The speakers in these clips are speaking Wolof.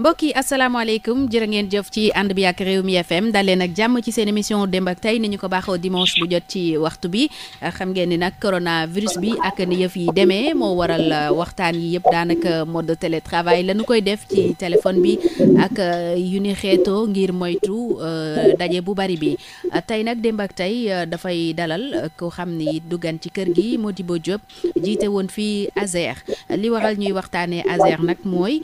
mbokk yi asalaamaaleykum jërë ngeen jëf ci ànd bi ak réew mi FM dalee nag jàmm ci seen émission démb ak tey ni ñu ko baaxoo dimanche bu jot ci waxtu bi xam ngeen ni nag coronavirus bi ak ni yëf yi demee moo waral euh, waxtaan yi yëpp daanaka mode de télétravail la ñu koy def ci téléphone bi ak euh, yu ni xeetoo ngir moytu euh, daje bu bari bi tey nag démb ak tey dafay dalal ko xam ni duggan ci kër gi Modibo Diop jiite woon fii ASER li waral ñuy waxtaanee ASER nag mooy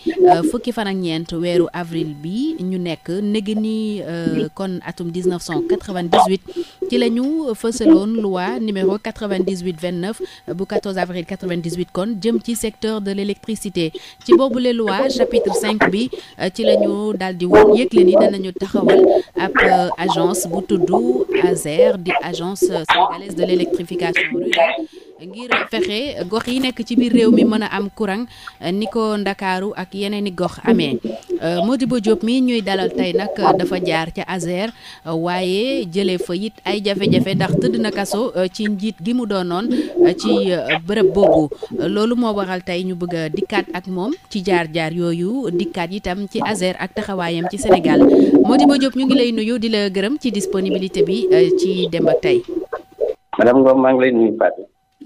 fukki fan ak ñeent ñeent weeru avril bi ñu nekk néegi ni euh, kon atum 1998 ci la ñu fësaloon loi numéro 98 29 bu 14 avril 98 kon jëm ci secteur de l'électricité ci boobule loi chapitre 5 bi euh, ci la ñu daal di woon yëgle ni danañu taxawal ab euh, agence bu tudd ASER di agence sénégalaise de l'électrification rurale ngir fexe gox yi nekk ci biir réew mi mën a am courant eh, ni ko ndakaaru ak yeneen i gox amee eh, Modibo Diop mi ñuy dalal tey nag dafa jaar ca ASER eh, waaye jëlee fa it ay jafe-jafe ndax tëdd na kaso ci njiit gi mu doonoon ci bërëb boobu loolu moo waxal tey ñu bëgg a dikkaat ak moom ci jaar-jaar yooyu dikkaat itam ci ASER ak taxawaayam ci Sénégal Modibo Diop ñu ngi lay nuyu di la gërëm ci disponibilité bi ci Demb ak Tay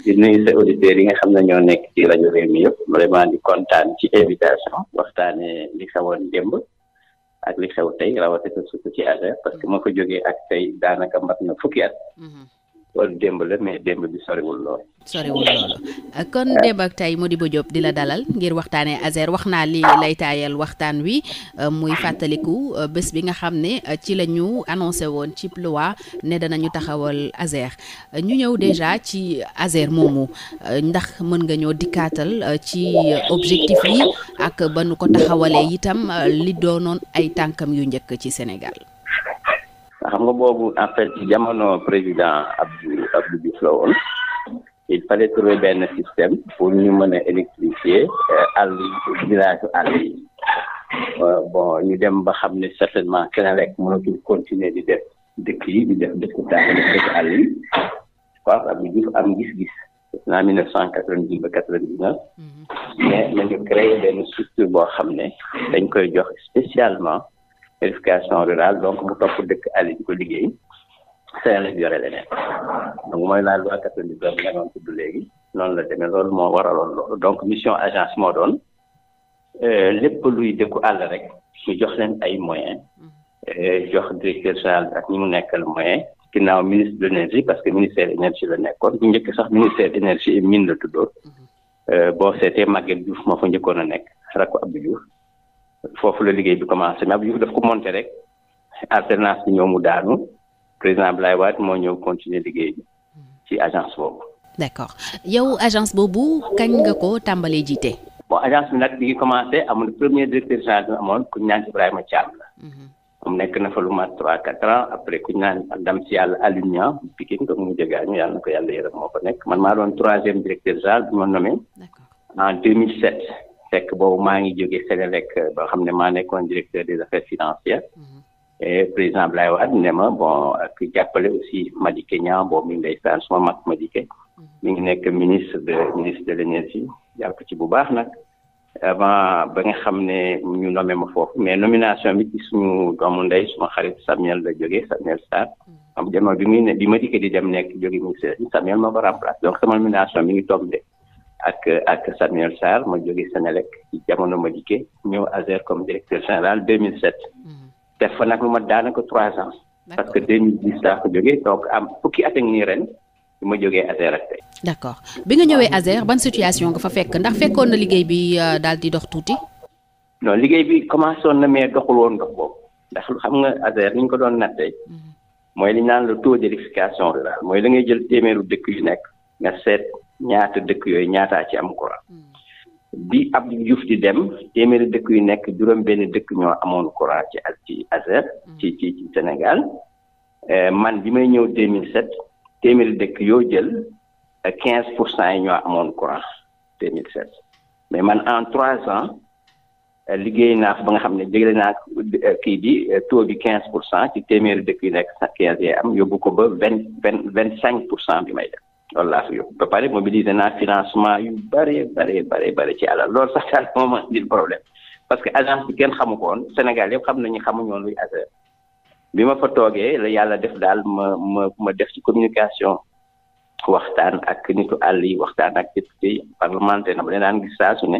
di nuyu sa auditeurs yi nga xam ne ñoo nekk ci rajo réew mi yëpp vraiment di kontaan ci invitation waxtaane li xewoon démb ak li xew tey rawatina surtout ci affaire parce ma ko jógee ak tey daanaka mat na fukki at mm-hmm. loolu démb la mais démb bi soriwul lool. soriwul loolu euh, kon démb ak tey Modibo Diop di la dalal ngir waxtaanee ASER wax naa li lay waxtaan wi euh, muy fàttaliku euh, bés bi nga xam ne ci la ñu annoncé woon ci loi ne danañu taxawal ASER ñu ñëw déjà ci ASER moomu ndax mën nga ñoo dikkaatal ci objectif yi ak ba nu ko taxawalee itam li doonoon ay tànkam yu njëkk ci Sénégal. xam nga boobu en fait jamono président Abdou Abdou Diouf la woon il fallait trouver benn système pour ñu mën a électrifier euh, àll village àll euh, bon ñu dem ba xam ne certainement Senelec mënatul continuer di def dëkk yi di def dëkk daal di def àll yi am gis-gis naa mille neuf cent quatre-vingt-dix ba quatre-vingt-dix-neuf mm-hmm. mais nañu créé benn structure boo xam ne dañ koy jox spécialement éducation rurale donc mu topp dëkk àll di ko liggéey sa élève yore leneen donc mooy la loi quatre vingt doon la demee loolu moo waraloon loolu donc mission agence moo doon euh, lépp luy dëkku àll rek ñu jox leen ay moyen euh, jox directeur général ak ñi mu nekkal moyen ginnaaw ministre de l'énergie parce que ministère énergie la nekkoon bu njëkk sax ministère énergie et mine la tuddoon mhm. euh, boo seetee Maguette Diouf moo fa njëkkoon a nekk rakku Abdou Diouf foofu la liggéey bi commencé mais Abdou Diouf daf ko monté rek alternance bi ñoo mu daanu président Abdoulaye Wade moo ñëw continuer liggéey bi ci agence boobu. d' accord yow agence boobu kañ nga ko tàmbalee jiite. bon agence bi nag bi ngi commencé amul premier directeur général bi mhm. nekk na fa lu mat trois quatre ans après ku naan dam si yàlla alumnia Pikine comme mu jëgaa yàlla na ko yàlla yërëm moo fa nekk man maa doon troisième directeur général bi ma nommé. en 2007. fekk boobu maa ngi jóge Sénélec euh, ba xam ne maa nekkoon directeur des affaires financières mm-hmm. et président Abdoulaye Wade ne ma bon ak jàppale aussi Madické Niang boobu mi ngi ndeysaan suma mag Madické mm-hmm. mi ngi nekk ministre de ministre de l'énergie jàpp ci bu baax nag avant ba nga xam ne ñu nommé ma foofu mais nomination bi ci suñu doomu ndey suma xarit Samuel la jógee Samuel Sarr mm-hmm. am jamono bi muy ne bi Madické di dem nekk jóge ministère bi Samuel ma ba remplace donc sama nomination mi ngi tombé ak ak Samuel Sarr ma jóge Sénélec ci jamono ma dikkee ñëw ASER comme directeur général 2007. Mhm. def fa nag lu ma daanaka trois ans. parce que 2010 laa ko jógee donc am fukki at a ngi ren bi ma jógee ASER ak tey. d' accord bi nga ñëwee ASER ban situation nga fa fekk ndax fekkoon na liggéey bi euh, daal di dox tuuti. liggéey bi commencé na mais doxul woon dox boobu ndax xam nga ASER ni ñu ko doon nattee. Mhm. mooy li ñu naan la ngay jël ñaata dëkk yooyu ñaataa ci am courant hmm. bi Abdou Diouf di dem téeméeri dëkk yu nekk juróom benn dëkk ñoo amoon courant ci ci Azer hmm. ci ci ci Sénégal eh, man bi may ñëw 2007 téeméeri dëkk yoo jël eh, quinze pour cent yi ñoo amoon courant 2007 mais man en trois ans eh, liggéey naa fa ba nga xam ne jëgle naa kii bi taux bi quinze pour cent ci téeméeri dëkk yu nekk quinze yi am yóbbu ko ba vingt vingt vingt cinq pour cent bi may def loolu laa fi yóbbu ba pare mobiliser na financement yu bare bare bare bare ci alal loolu sax daal moo ma indil problème parce que agence bi kenn xamu ko woon Sénégal yëpp xam nañu xamuñoon luy ASER bi ma fa toogee la yàlla def daal ma ma ma def ci communication waxtaan ak nitu àll yi waxtaan ak député yi parlementaire na ma leen daan gis saa su ne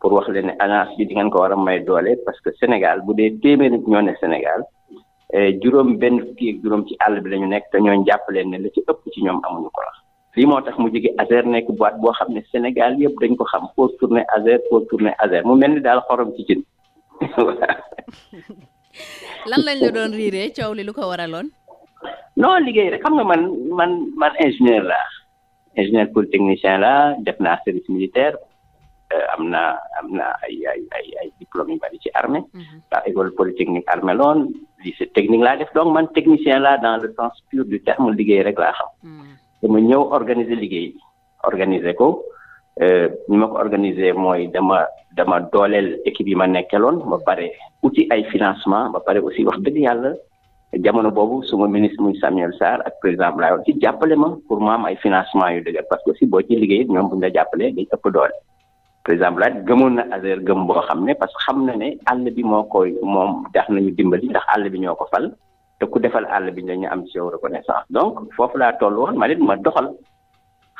pour wax leen ne agence bi di ngeen ko war a may doole parce que Sénégal bu dee téeméeri ñoo ne Sénégal eh, juróom benn fukki ak juróom ci àll bi lañu nekk te ñoo jàpp leen ne la ci ëpp ci ñoom amuñu ko la lii moo tax mu jóge Azer nekk boîte boo xam ne Sénégal yëpp dañ ko xam foo tourné Azer foo tourné Azer mu mel ni daal xorom ci jën lan la doon riiree coow li lu ko loon non liggéey rek xam nga man man man ingénieur la ingénieur polytechnicien la def naa service militaire euh, am na am na ay ay ay ay diplôme i bari ci armée ndax mhm. école polytechnique armée loon technique laa def donc man technicien laa dans le sens pur du terme liggéey rek laa xam. Hmm. dama ñëw organiser liggéey organiser ko euh, ni ma ko organiser mooy dama dama dooleel équipe yi ma nekkeloon ba pare uti ay financement ba pare aussi wax dëgg yàlla jamono boobu suma ministre muy Samuel Sarr ak président Blay ci jàppale ma pour ma ay financement yu dëgër parce que aussi boo ci liggéey ñoom buñ la jàppalee day ëpp doole président Blay gëmoon na ASER gëm boo xam ne parce que xam na ne àll bi moo koy moom tax nañu dimbali ndax àll bi ñoo ko fal te ku defal àll bi dañu am ci yow reconnaissance donc foofu laa toll woon man it ma doxal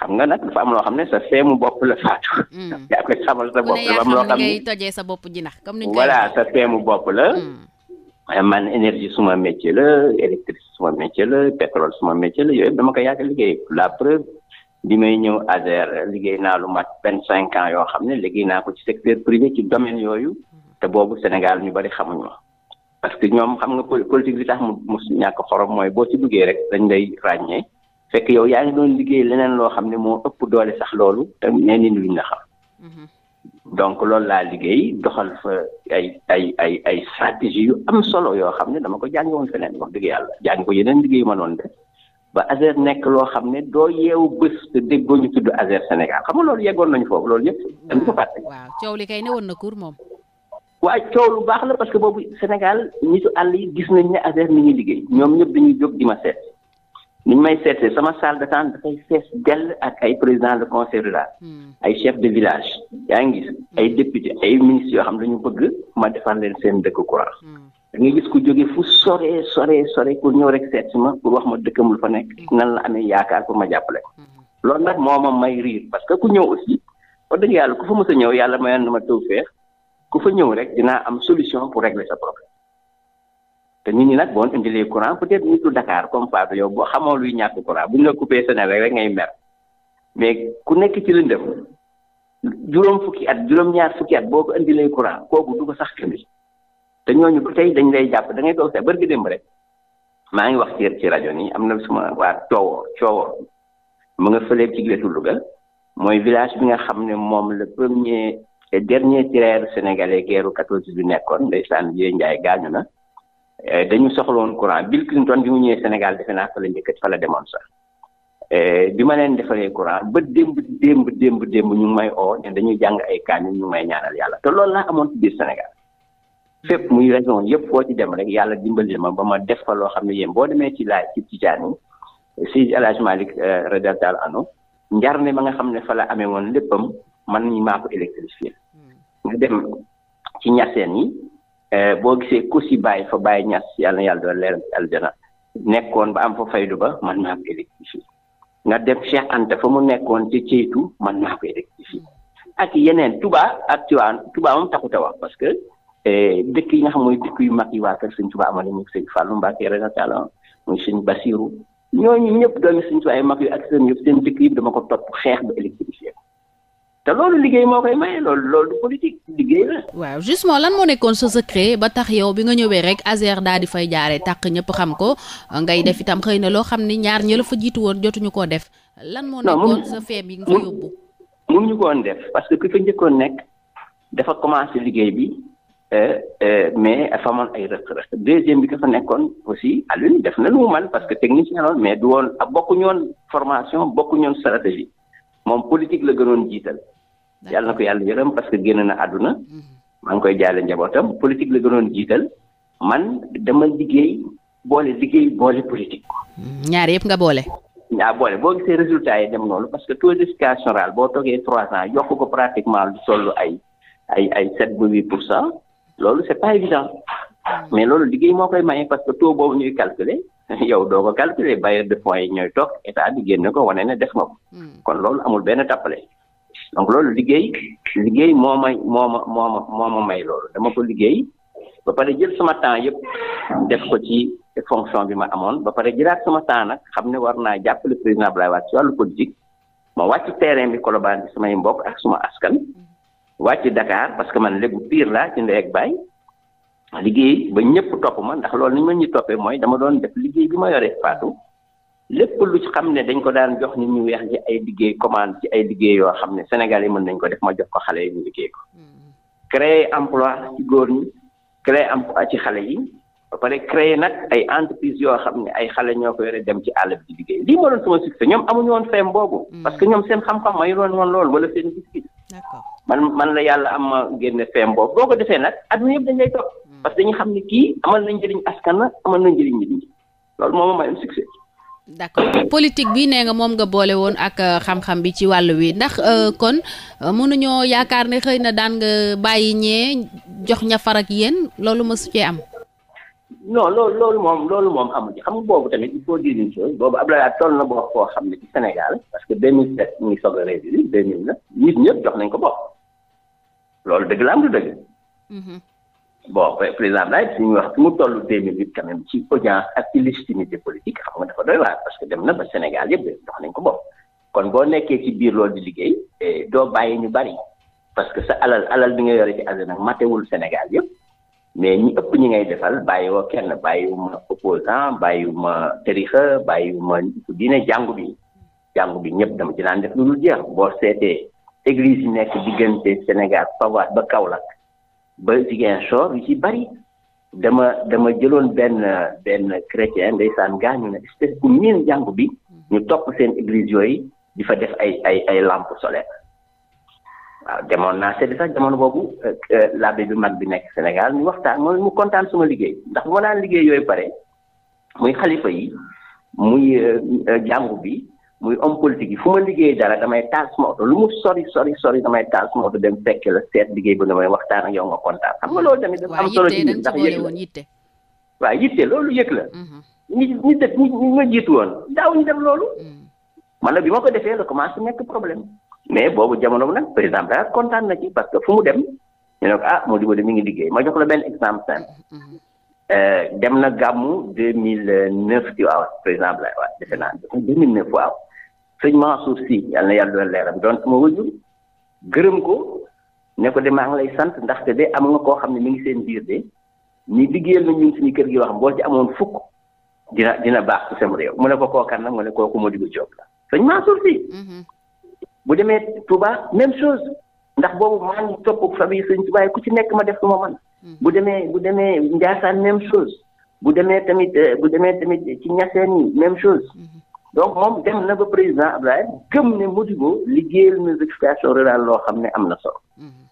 xam nga nag dafa am loo xam ne sa seemu bopp la faatu. Hmm. yaa koy xamal sa bopp dafa am sa comme ni ñu voilà sa seemu bopp la. Hmm. man énergie suma métier la électricité suma métier la pétrole suma métier la yooyu dama ko yàgg liggéey la preuve bi may ñëw ASER liggéey naa lu mat vingt cinq ans yoo xam ne liggéey naa ko ci secteur privé ci domaine yooyu hmm. te boobu Sénégal ñu bari xamuñu ma parce que ñoom xam nga politique bi tax mu mu ñàkk xorom mooy boo ci duggee rek dañ lay ràññee fekk yow yaa ngi doon liggéey leneen loo xam ne moo ëpp doole sax loolu te nee nañ luñ la xam. Mm-hmm. donc loolu laa liggéey doxal fa ay ay ay ay stratégie yu am solo yoo xam ne dama ko jàngi woon feneen wax dëgg yàlla jàngi ko yeneen liggéey ma noonu def ba ASER nekk loo xam ne doo yeewu bés te déggoo ñu tudd ASER Sénégal xam nga loolu yeggoon nañu foofu loolu yëpp. dañ ko fàtte. waaw na kur moom. waaye coow lu baax la parce que boobu Sénégal nitu àll yi gis nañ ne affaire mi ngi liggéey ñoom ñëpp dañuy jóg di ma seet ni ñu may seetee sama salle d'attente dafay fees dell ak ay président de conseil rural hmm. ay chef de village yaa ngi hmm. ay député ay ministres yoo xam dañu bëgg ma defar leen seen dëkk courant hmm. da ngay gis ku jóge fu soree soree sore pour ñëw rek seet si ma pour wax ma dëkkam lu fa nekk nan la amee yaakaar pour ma jàppale ko loolu nag moo ma may que ku ñëw aussi yàlla ku fa mës a ñëw yàlla mayoon na ma taw feex ku fa ñëw rek dinaa am solution pour régler sa problème te nit ñi nag boon indilee courant peut-être nitu Dakar comme Fatou yow boo xamoo luy ñàkk courant bu ñu la coupé Senelec rek rek ngay mer mais ku nekk ci lëndëm juróom fukki at juróom-ñaar fukki at boo ko indilee courant kooku du ko sax indi te ñooñu ba tey dañ lay jàpp da ngay toog sa bërgi démb rek maa ngi wax ci ci rajo nii am na suma waa Coowoor Coowoor mu nga fële ci Gretu Louga mooy village bi nga xam ne moom le premier te dernier tirailleur sénégalais guerru 14 bi nekkoon ndeysaan Vieux Ndiaye gaañu na eh, dañu soxla woon courant Bill Clinton bi mu ñëwee Sénégal defe naa fa la njëkk fa la demoon sax eh, bi ma leen defalee courant ba démb démb démb démb ñu ngi may oo dañuy jàng ay kaani ñu may ñaanal yàlla te loolu amoon ci biir Sénégal fépp muy région yëpp ci dem rek yàlla dimbali ma ba ma def fa loo xam ne yéen boo demee ci laaj ci Tijaan yi si El Hadj Malick eh, Radiyallahu anhu njar ne ma nga xam ne fa la amee woon léppam man mii maa ko électrifié nga hmm. dem ci ñaseen yi eh, boo gisee ku si bàyyi fa bàyyi ñas yàlla yàlla doon leeram ci aljana nekkoon ba am fa faydu ba man maa ko électrifié nga dem Cheikh Anta fa mu nekkoon ci ceytu man maa ko électrifié ak yeneen Touba ak Tiwaan Touba moom taxut a wax parce que eh, dëkk yi nga xam mooy dëkk yu mag yi waa kër sëñ Touba amoon nañu sëñ Fallou Mbacké radiyallahu muy sëñ Basirou ñooñu ñëpp doomi sëñ Touba ay mag yu ak seen yëpp seen dëkk yi dama ko topp xeex ba électrifié te loolu liggéey moo koy maye loolu loolu du politique liggéey la. waaw justement lan moo nekkoon sa secret ba tax yow bi nga ñëwee rek ASER daal di fay jaaree tàq ñëpp xam ko ngay def itam xëy na loo xam ni ñaar ña fa jiitu woon jotuñu koo def. lan moo nekkoon sa feeb yi nga fa yóbbu. mun ñu koon def parce que ki fa njëkkoon nekk dafa commencé liggéey bi euh, euh, mais dafa ay rëq-rëq deuxième bi ka fa nekkoon aussi Alioune def na lu mu man parce que technicien loon mais du woon bokkuñu woon formation bokkuñu woon stratégie moom politique la gënoon jiital. yàlla na ko yàlla yërëm parce que génn na àdduna mm-hmm. maa ngi koy jaale njabootam politique la gënoon jiital man dama liggéey boole liggéey boole politique. Mm-hmm. ñaar yëpp nga boole. ñaa boole boo gisee résultat yi dem noonu parce que taux d'éducation rurale boo toogee trois ans yokk ko pratiquement lu toll ay ay ay sept ba huit pour sant loolu c'est pas évident mm-hmm. mais loolu liggéey moo koy maye parce que taux boobu ñuy calculer yow doo ko calculer bailleur de fonds yi ñooy toog état bi génn ko wane ne def nga ko donc loolu liggéey liggéey moo may moo ma moo ma moo ma may loolu dama ko liggéey ba pare jël sama temps yëpp def ko ci fonction bi ma amoon ba pare jëlaat sama temps nag xam ne war naa jàppale président Abdoulaye Wade ci wàllu politique ma wàcc terrain bi Colobane bi samay mbokk ak suma askan wàcc Dakar parce que man léegu pire laa ci ndey ak baay liggéey ba ñëpp topp ma ndax loolu ni ma ñu toppee mooy dama doon def liggéey bi ma yoree Fatou lépp lu ci xam ne dañ ko daan jox nit ñu weex ci ay liggéey commande ci ay liggéey yoo xam ne Sénégal yi mën nañ ko def ma jox ko xale yi ñu liggéey ko mm-hmm. créer emploi ci góor ñi créer emploi ci xale yi ba pare créer nag ay entreprise yoo xam ne ay xale ñoo ko yore dem ci àll bi di liggéey lii succès ñoom amuñu woon feem boobu mm. parce que ñoom seen xam-xam mayu loon woon loolu wala seen gis-gis man la yàlla am ma génne feem boobu boo ko defee nag adduna yëpp dañ lay topp mm. parce que dañuy xam ne kii amal na njëriñ askan amal na njëriñ nit ñi loolu moo ma succès d'accord politique bi nee nga moom nga boole woon ak euh, xam-xam bi ci wàll wi ndax euh, kon euh, mënuñoo yaakaar ne xëy na daan nga bàyyi ñee jox ña far ak yéen loolu ma su cee am. non loolu loolu moom loolu moom amu ci xam nga boobu tamit il faut dire une boobu Abdoulaye toll na bopp koo xam ne ci Sénégal parce que 2007 mu ngi soog a réew bi nit ñëpp jox nañ ko bopp loolu dëgg la am du dëgg. Mm-hmm. bon président Abdoulaye ñu wax fi mu toll 2008 quand même ci audience ak illégitimité politique xam nga dafa doy waar parce que dem na ba Sénégal yëpp dox nañ ko bopp kon boo nekkee ci biir loolu di liggéey eh, doo bàyyi ñu bari parce que sa alal alal bi nga yore ci àll nag matewul Sénégal yëpp mais ñi ëpp ñi ngay defal bàyyi bàyyiwoo kenn bàyyi bàyyi opposant bàyyiwuma bàyyi bàyyiwuma diine jàngu bi jàngu bi ñëpp dama ci daan def lu dul jeex boo seetee église yi nekk diggante Sénégal Padois ba Kaolack. ba Ziguinchor yu ci bari dama dama jëloon benn benn chrétien ndeysaan gaañu na espèce bu miin jàngu bi ñu topp seen église yooyu di fa def ay ay ay lampe solaire waaw demoon naa sedd sax jamono boobu euh, euh, l'abbé bi mag bi nekk Sénégal ñu waxtaan mooy mu kontaan suma liggéey ndax bu ma daan liggéey yooyu pare muy xalifa yi muy euh, jàngu bi muy homme politique yi fu ma liggéey dara damay taal sama oto lu mu sori sori sori damay taal sama oto dem fekk la seet liggéey bu damay waxtaan ak yow nga kontaan xam nga loolu tamit am solo ci ndax yëg loolu yëg la mhm. ñi ñi def ma jiitu woon daaw ñu def loolu mm. man bi ma ko defee la commencé nekk problème mais boobu jamono bi nag président bi daal kontaan na parce que fu mu dem ñu ne ko ah ngi liggéey ma jox la benn exemple mm-hmm. euh, dem na gàmmu deux mille neuf ci waaw président bi la defe naa deux mille neuf waaw sëñ Mansour si yàlla na yàlla doon leeram doon sama wëju gërëm ko ne ko de maa ngi lay sant ndaxte de am nga koo xam ne mu ngi seen biir de ni liggéeyal na ñun suñu kër gi wax boo ci amoon fukk dina dina baax su sem réew mu ne ko kookan nag mu ne kooku Modibo Diop la sëñ Mansour si mm-hmm. bu demee tubaa même chose ndax boobu maa ngi topp famille sëñ Touba ku ci nekk ma def lu ma man mm-hmm. bu demee bu demee Ndiassane même chose bu demee tamit euh, bu demee tamit ci Niassène yi même donc moom dem na ba président Abdoulaye gëm ne Modibo liggéeyal na éducation rurale loo xam ne am na solo mhm.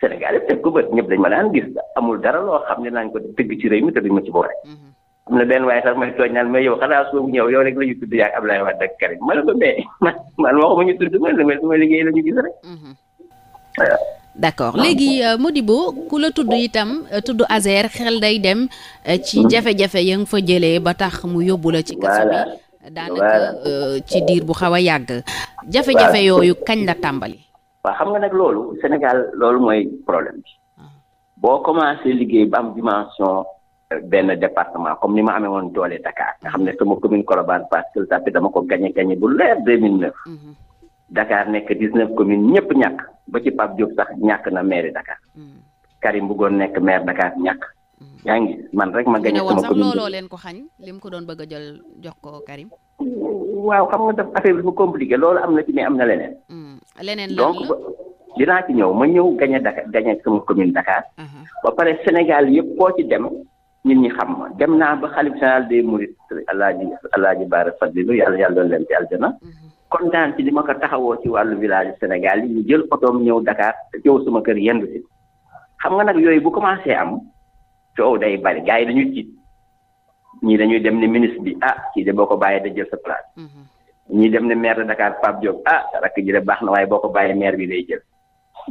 Sénégal yëpp teg ko bët ñëpp dañ ma daan gis amul dara loo xam ne naañ ko dëgg ci réew mi te duñ ma ci boole mhm. am na benn waaye sax may tooñ naan mais yow xanaa soo ñëw yow rek la ñu tudd yaak Abdoulaye Wade ak Karim ma ne ko mais man man waxuma ñu liggéey la gis rek mhm. d' accord léegi euh, Modibo ku la tudd itam euh, tudd Azer xel day dem euh, ci jafe-jafe ya nga fa jëlee ba tax mu yóbbu la ci kaso bi daanaka euh, ci diir bu xaw a yàgg. jafe-jafe yooyu kañ la tàmbali. waaw xam nga nag loolu Sénégal loolu mooy problème bi ah. boo commencé liggéey ba am dimension euh, benn département comme ni ma amee woon doole Dakar nga xam ne sama commune Colobane Parcelles Assainies dama ko gagné gagné bu leer 2009. Mhm. Dakar nekk 19 communes ñëpp ñàkk ba ci Pape Diop sax ñàkk na maire Dakar. Mhm. Karim bëggoon nekk maire Dakar ñàkk. yaa ngi man rek ma. gañe a commune looloo leen ko xañ lim ko doon bëgg a jël jox ko Karim. waaw xam nga dafa affaire bi dafa compliqué loolu am na ci mais am na leneen. Hmm, leneen lan la donc dinaa ci ñëw ma ñëw gañe Dakar gañe sama commune Dakar. Uh-huh. a pare Sénégal yëpp koo ci dem. nit ñi xam ma naa ba xalif général des mourides alaaji alaaji Baara Fadilu yàlla yàlla doon leen ci aljana uh-huh. kontaan ci li ma ko taxawoo ci wàllu village Sénégal yi ñu jël otoom ñëw Dakar ñëw sama kër yendu si xam nga nag yooyu bu commencé am coow day bari gars yi dañuy tiit ñii dañuy dem ne ministre bi ah kii de boo ko bàyyee da jël sa place mhm. ñii dem ne maire de Dakar Pape Diop ah rakk ji de baax na waaye boo ko bàyyee maire bi day jël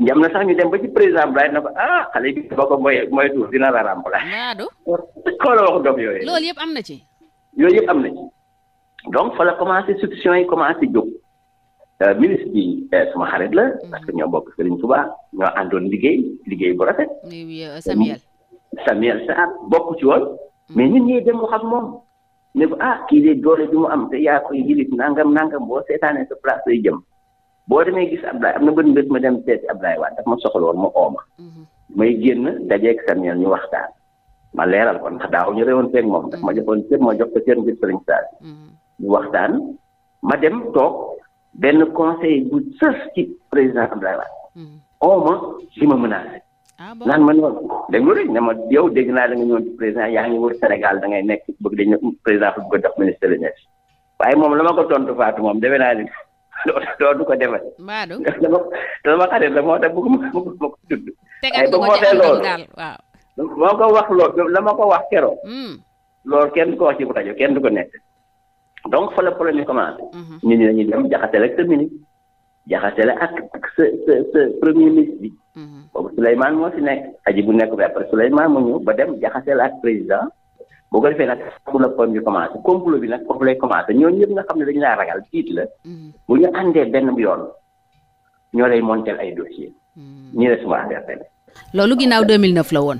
njam na sax ñu dem ba ci président Blay na ko ah xale bi boo ko moy moytu dina la remplacer. naadu xoola wax doom yooyu. loolu yëpp am na ci. yooyu yëpp am na ci donc fa la commencé institution yi commencé jóg euh, ministre bi euh, suma xarit la. Mhm. parce que ñoo bokk Serigne Touba ñoo Samuel Sarr bokk ci woon mm-hmm. mais ñun ñuy dem wax ak moom ne ko ah kii de doole bi mu am te yaa koy jilit nangam nangam boo seetaanee sa place lay jëm boo demee gis Ablaye am na bët mbir ma dem seeti Ablaye Wade daf ma soxla woon ma ooma mm-hmm. may génn dajeeg Samuel ñu waxtaan ma leeral ko ndax daaw ñu rewoon feeg moom daf mm-hmm. ma joxoon cër ma jox ko cër ngir sëriñ Sarr ñu waxtaan ma dem toog benn conseil bu sës ci président Ablaye Wade ooma si ma menacé Ah, naan ma noonu déglu rek ne ma yow dégg naa da nga ñëwoon ci président yaa ngi wër Sénégal da ngay nekk bëgg dañ président fu bëgg a jox ministre de waaye moom la ma ko tontu Fatou moom defe naa ni dootu ko defal. Mbadou te sama xarit la moo tax bëgg ma ko ma ko tudd. tegal nga ko ca loolu waaw. moo ko wax loolu la ma ko wax keroog. Hmm. loolu kenn ko wax ci rajo kenn du ko nekk. donc fa la problème yi commencé. Hmm. nit ñi dem jaxase rek sa minute. jaxase la ak ak sa sa sa premier ministre bi. Mhm. boobu Souleymane moo fi nekk. aji bu nekk bi après Souleymane mu ñëw ba dem jaxase la ak président boo ko defee nag foofu la problème bi commencé complot bi nag foofu lay commencé ñooñu ñëpp nga xam ne dañu laa ragal tiit la. Mhm. bu ñu àndee benn yoon ñoo lay montel ay dossier mhm. ñi la suma affaire tamit. loolu ginnaaw 2009 la woon.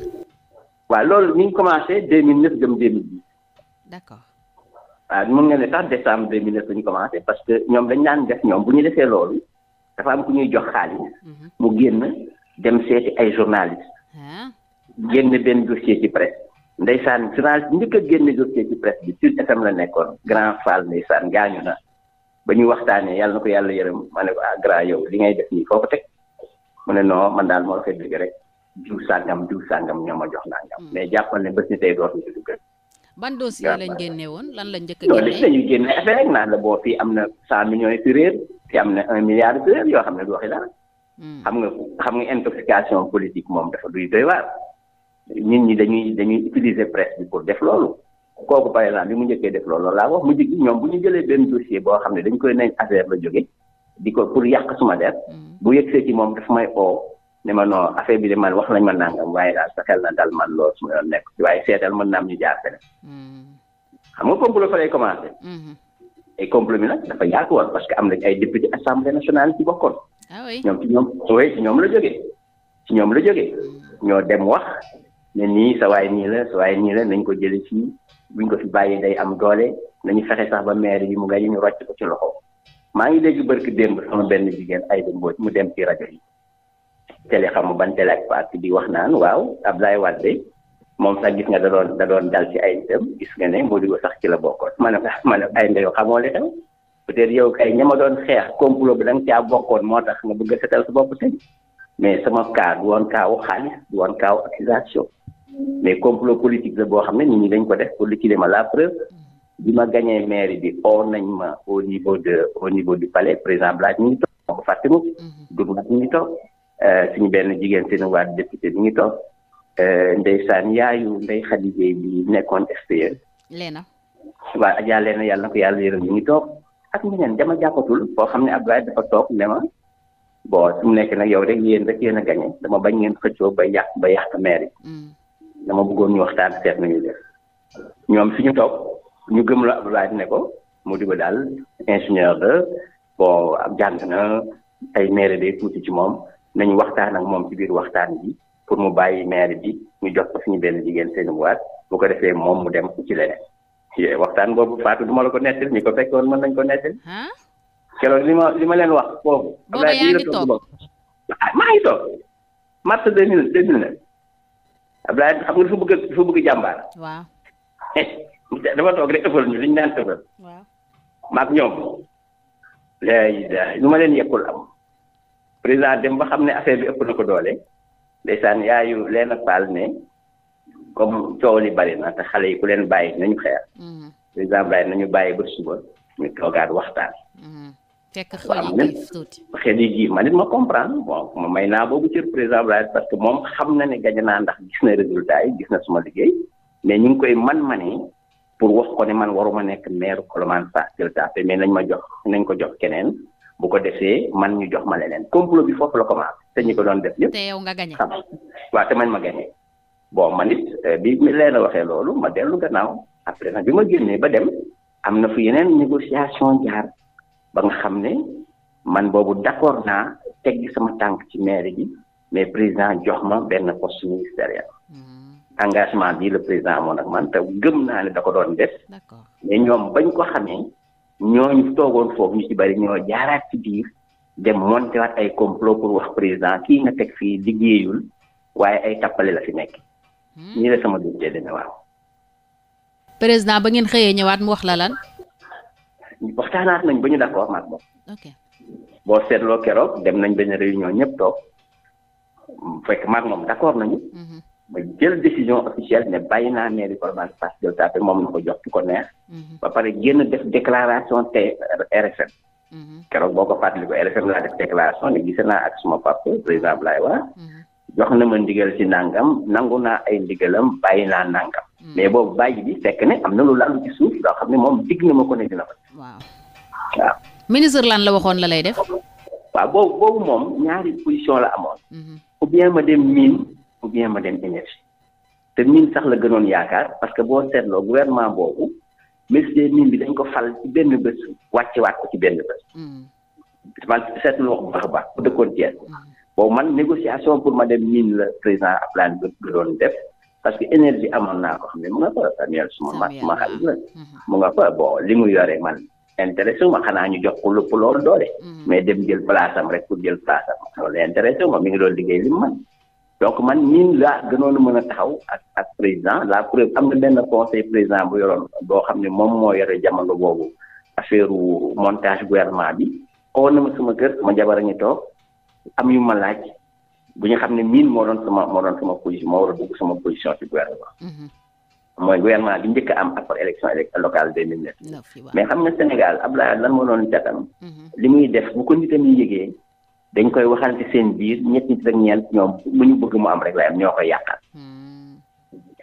waaw loolu mi ngi commencé 2009 jëm 2010. d'accord. waaw ah, mën nga ne sax parce que ñoom dañ daan def ñoom bu ñu defee loolu. dafa am ku ñuy jox xaalis mhm. mu génn dem seeti ay journaliste ah. génn benn dossier ci presse ndeysaan journaliste njëkk a génn dossier ci presse bi Sud FM la nekkoon grand Fall ndeysaan gaañu na ba ñu waxtaanee yàlla na ko yàlla yërëm ma ne ah, grand yow li ngay def nii foo ko teg mu ne non man daal moo la koy dégg rek jiw sàngam jiw sàngam ñoo ma jox nangam mm. mais jàppal ne bés ni tey dootuñu dugg ban dossier lañ génne woon lan la njëkk a génne loolu dañuy génne affaire rek naan la boo fii am na cent millions yu fi fi am na un milliard yu fi yoo xam ne du waxi dara hmm. xam nga xam nga intoxication politique moom dafa duy doy waar nit ñi dañuy dañuy utiliser presse bi pour def loolu kooku par exemple bi mu njëkkee def loolu laa wax mu jigi ñoom bu ñu jëlee benn dossier boo xam ne dañ koy nañ affaire la jóge di ko pour yàq suma der hmm. bu yegsee ci moom daf may oo ne ma non affaire bi de man wax nañ ma nangam waaye daal sa xel na dal man lool su ma yoon nekk waaye seetal mën naa am ñu jaar feneen mm-hmm. xam nga complot fa lay commencé. ay mm-hmm. complot bi nag dafa yaatu am nañ ay député assemblée nationale ci bokkoon. ah oui ñoom ñoom la jógee ñoom la jógee mm-hmm. ñoo dem wax ne nii sa nii la sa waay la nañ ko jëlee fii buñ ko fi day am doole nañu fexe sax ba maire bi mu nga ñu rocc ko ci loxo maa ngi dégg barki démb sama benn jigéen ay dem mu dem ci rajo yi. télé xam ban télé ak bi wax naan waaw Abdoulaye Wade moom sax gis nga da doon da doon dal ci ay nitam gis nga ne moo Modibo sax ci la bokkoon ma ne ma ne ay ndeyoo xamoo li xew peut-être yow kay ñama doon xeex complot bi da nga caa bokkoon moo tax nga bëgg a setal sa bopp tey mais sama cas du woon kaawu xaalis du woon kaawu accusation mais complot politique la boo xam ne nit ñi dañ ko def pour liquider ma la preuve bi ma gagné mairie bi oo nañ ma au niveau ñu ngi toog fàttali ma Doudou Wade ñu ngi toog. Euh, suñu benn jigéen seen waat député mi ngi toog euh, ndeysaan yaayu ndey Xadi Jéey bi nekkoon SPE. leena. waaw Adja leena yàlla na ko yàlla yërëm mi ngi toog ak ñeneen dama jàppatul foo xam ne Abdoulaye dafa toog ne ma bon su mu nekk nag yow rek yéen rek yéen a gañe dama bañ ngeen xëccoo ba yàq ba yàq maire mm. dama bëggoon ñu waxtaan seet nañu def ñoom fi ñu toog ñu gëm la Abdoulaye ne ko mu di ba daal ingénieur de bon jàng na ay maire day tuuti ci moom. nañu waxtaan ak moom ci biir waxtaan bi pour mu bàyyi maire bi ñu jox ko suñu benn jigéen seen waat bu ko defee moom mu dem ci leneen waxtaan boobu Fatou duma la ko nettali ñi ko fekkoon mën nañ ko nettali. keroog li ma li ma leen wax foofu. booba yaa ngi toog ah, ngi toog mars deux mille deux mille neuf Abdoulaye xam nga dafa bëgg dafa bëgg jàmbaar. toog rek ëppal naan ëppal. waaw maag ñoom. léegi ma leen yekkul am. président dem ba xam ne affaire bi ëpp na ko doole ndeysaan yaayu leen a ne comme coow li bari na te xale yi ku leen bàyyi nañu xeer mm-hmm. président bàyyi nañu bàyyi ba suba ñu toogaat waxtaan mm-hmm. fekk xel yi gii man it ma comprendre bon ma may naa boobu cër président Blaise parce que moom xam na ne gañ naa ndax gis na résultat yi gis na suma liggéey mais ñu ngi koy man-manee pour wax ko ne man waruma nekk maire Colomane Fass mais nañ ma jox nañ ko jox keneen bu ko defee man ñu jox ma leneen complot bi foofu la commencé te ñu ko doon def yëpp. te yow nga gagné xam waaw te man ma gagné. bon man it eh, bi leen a waxee loolu ma dellu gannaaw après nag bi ma génnee ba dem am na fu yeneen négociation jaar ba nga xam ne man boobu d'accord naa teggi sama tànk ci maire bi mais président jox ma benn poste ministériel. Hmm. engagement bi la président amoon ak man te gëm naa ne da ko doon def. mais ñoom bañ ko xamee. ñooñu toogoon foofu ñu ci bari ñoo jaaraat ci biir dem monté waat ay complot pour wax président kii nga teg fii liggéeyul waaye ay tappale la fi nekk. ñi hmm. la sama dundee dana waaw. président ba ngeen xëyee ñëwaat mu wax la lan. waxtaanaat nañ ba ñu d'accord maag moom. ok boo seetloo keroog dem nañ benn réunion ñëpp toog fekk maag moom d'accord nañu. Mhm. ba jël décision officielle ne bàyyi naa mairie Colobane Fass Gueule Tapée moom la ko jox ku ko neex. Mhm. ba pare génn def déclaration te RFM. Mhm. keroog boo ko fàttali ko RFM laa def déclaration ne gise naa ak suma papa président Abdoulaye Wade mhm. jox na ma ndigal ci nangam nangu naa ay ndigalam bàyyi naa nangam. mais boobu bàyyi bi fekk ne am na lu lalu ci suuf loo xam ne moom digg na ma ko ne dina ko def. waaw waaw. ministre lan la waxoon la lay def. waaw boobu boobu moom ñaari position la amoon. ou bien ma ou bien ma dem énergie te mine sax la gënoon yaakaar parce que boo seetloo gouvernement boobu ministre des mines bi dañ ko fal ci benn bés wàccewaat ko ci benn bés. Hmm. man seetloo wax ba baax a baax bu dëkkoon Thiès. Hmm. boobu man négociation pour ma dem mine la président Ablaye nga doon def parce que énergie amoon naa ko xam ne mu nga fa Samuel suma ma xam la hmm. mu nga fa bon li mu yore man intéressé wu ma xanaa ñu jox ko lépp loolu doole mais dem jël place am rek pour jël place am loolu intéressé wu ma mi ngi doon liggéey li donc man ñun laa gënoon a mën a taxaw ak ak président la preuve am na benn conseil président bu yoroon boo xam ne moom moo yore jamono boobu affaire montage gouvernement bi oo na ma sama kër ma jabar a ngi toog am yu ma laaj bu ñu xam ne miin moo doon sama moo doon sama position moo war a dugg sama position ci gouvernement mm-hmm. mooy gouvernement bi njëkk am après élection locale deux mille neuf mais xam nga Sénégal Abdoulaye lan moo doon catam mm-hmm. li muy def bu ko nitam yi dañ koy waxante seen biir ñett nit ak ñeent ñoom lu ñu bëgg mu am rek lay ñoo koy yàqal. Hmm.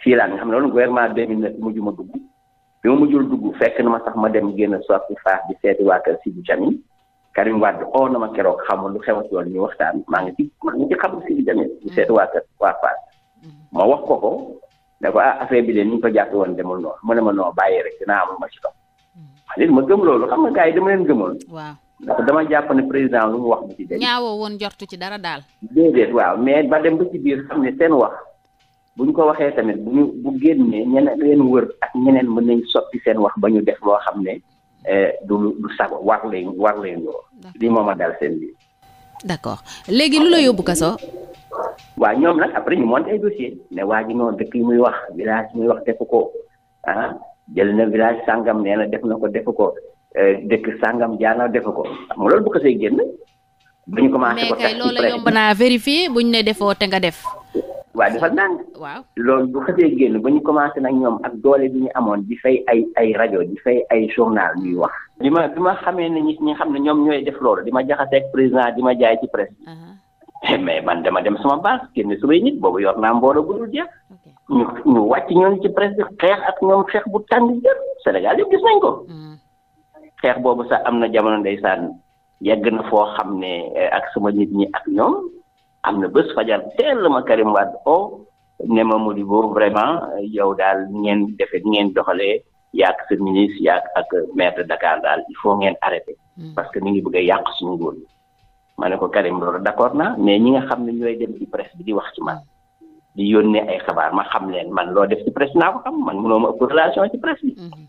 fii laa nga xam ne loolu gouvernement 2009 mujj ma dugg bi ma mujjul dugg fekk na ma sax ma dem génn sorti faax di seeti waa kër Sidi Jamin Karim Wade na ma keroog xamul lu xewat yoon ñu waxtaan maa ngi ci maa ngi ci xamul Sidi Jamin di hmm. wax ko ko ne ko ah affaire bi de ni ñu ko jàpp woon demul noonu mu ne ma noo bàyyi rek dinaa amul ma ci hmm. loolu xam nga gars yi dama leen gëmoon. ndax dama jàpp ne président lu mu wax bu ci dégg. ñaawoo woon jortu ci dara daal. déedéet waaw mais ba dem ba ci biir xam ne seen wax bu ñu ko waxee tamit bu ñu bu génnee ñeneen leen wër ak ñeneen mën nañ soppi seen wax ba ñu def loo xam ne eh, du du sago war leen war leen loo. lii moom a dal seen biir. d'accord léegi lu la yóbbu kaso. waa ñoom nag après ñu monté ay dossier ne waa ji noonu dëkk yi muy wax village muy wax defu ko ah jël na village sàngam nee na def na ko defu ko Euh, dëkk sàngam jaana defe ko xam loolu bu ko see génn. dañu commencé ko tax ci loolu yomb naa vérifier buñ ne defoo te nga def. waaw dafa nang waaw loolu bu xasee génn ba ñu commencé nag ñoom ak doole bi ñu amoon di fay ay ay rajo di fay ay journal ñuy wax. li ma ma xamee ne nit ñi xam ne ñoom ñooy def loolu di ma jaxaseeg président di ma jaay ci presse uh-huh. eh, mais man dama dem sama base génn sumay nit boobu yor na mbooloo bu dul jeex. ñu ñu wàcc ñoon ci presse bi xeex ak ñoom xeex bu tàng jër Sénégal yëpp gis nañ ko. Hmm. xeex boobu sax am na jamono ndeysaan yegg na foo xam ne eh, ak sama nit ñi ak ñoom am na bës fajar teel ma Karim Wade o ne ma Modibo vraiment yow daal ngeen defe ngeen doxalee yaak sa ministre yaak ak maire de Dakar daal il faut ngeen arrêté hmm. parce que ni ngi bëgg a yàq suñu nguur ma ne ko Karim loolu d'accord naa mais ñi nga xam ne ñooy dem ci presse bi di wax ci man di yónnee ay xabaar ma xam leen man loo def ci presse naa ko xam man mënoo ma ëpp relation ci presse hmm.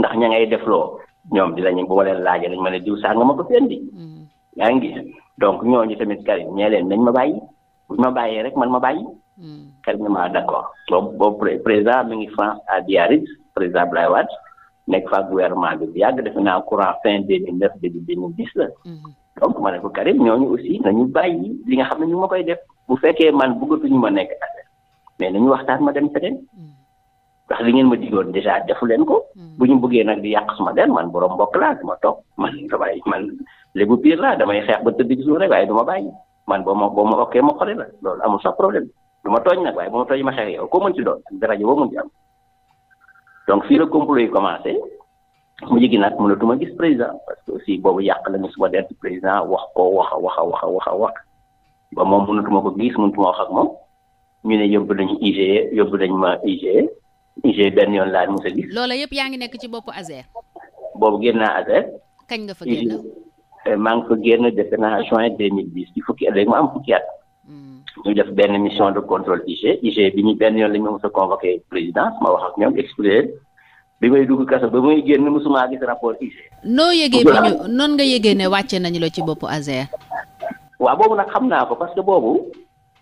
ndax ña ngay def loo ñoom di dinañu bu ma leen laajee dañ ma ne diw sànga ma ko fi indi mm. yaa ngi gis donc ñooñu tamit Karim ñee leen nañ ma bàyyi bu ma bàyyee rek man ma bàyyi mm. Karim ne ma d'accord boobu boobu président mi ngi France à Biarritz président Abdoulaye Wade nekk fa gouvernement bi bu yàgg def naa courant fin deux mille neuf début deux mille dix la mm. donc ma ne ko ñooñu aussi nañu bàyyi li nga xam ne ñu ma koy def bu fekkee man bëggatuñu ma nekk affaire mais nañu waxtaan ma dem feneen ndax li ngeen ma digoon dèjà defu leen ko hmm. bu ñu bëggee nag di yàq suma der man borom mbokk laa duma toog man damay man lébu piir laa damay xeex ba tëdd ci suuf rek waaye du ma bàyyi man boo ma boo ma ma xore la loolu amul sax problème du ma nag waaye bu ma tooñ ma xeex yow koo mën ci doon ak daraja boo mën ci am donc fii la complot yi commencé mu gis président parce boobu yàq la ñu suma der ci président wax wax a wax a wax a a wax ba moom mënatuma ko gis mënatuma wax ak moom ñu ne yóbbu nañu IGE yóbbu nañ ma IGE UG benn yoon laa mos a gis. loola yaa ngi nekk ci boppu Azer. boobu génn naa kañ nga fa génn. Eh, maa ngi fa génn defe naa juin 2010 ci fukki at mu am fukki at. Hmm. ñu def benn mission de contrôle IG IG bi ñu benn yoon la ñu mos a convoqué présidence ma wax ak ñoom bi may dugg kaso ba muy génn mosuma gis rapport IG. noo yëgee bi ñu noonu nga yëgee ne wàcce nañu la ci bopp Azer. waaw boobu nag xam naa ko parce boobu.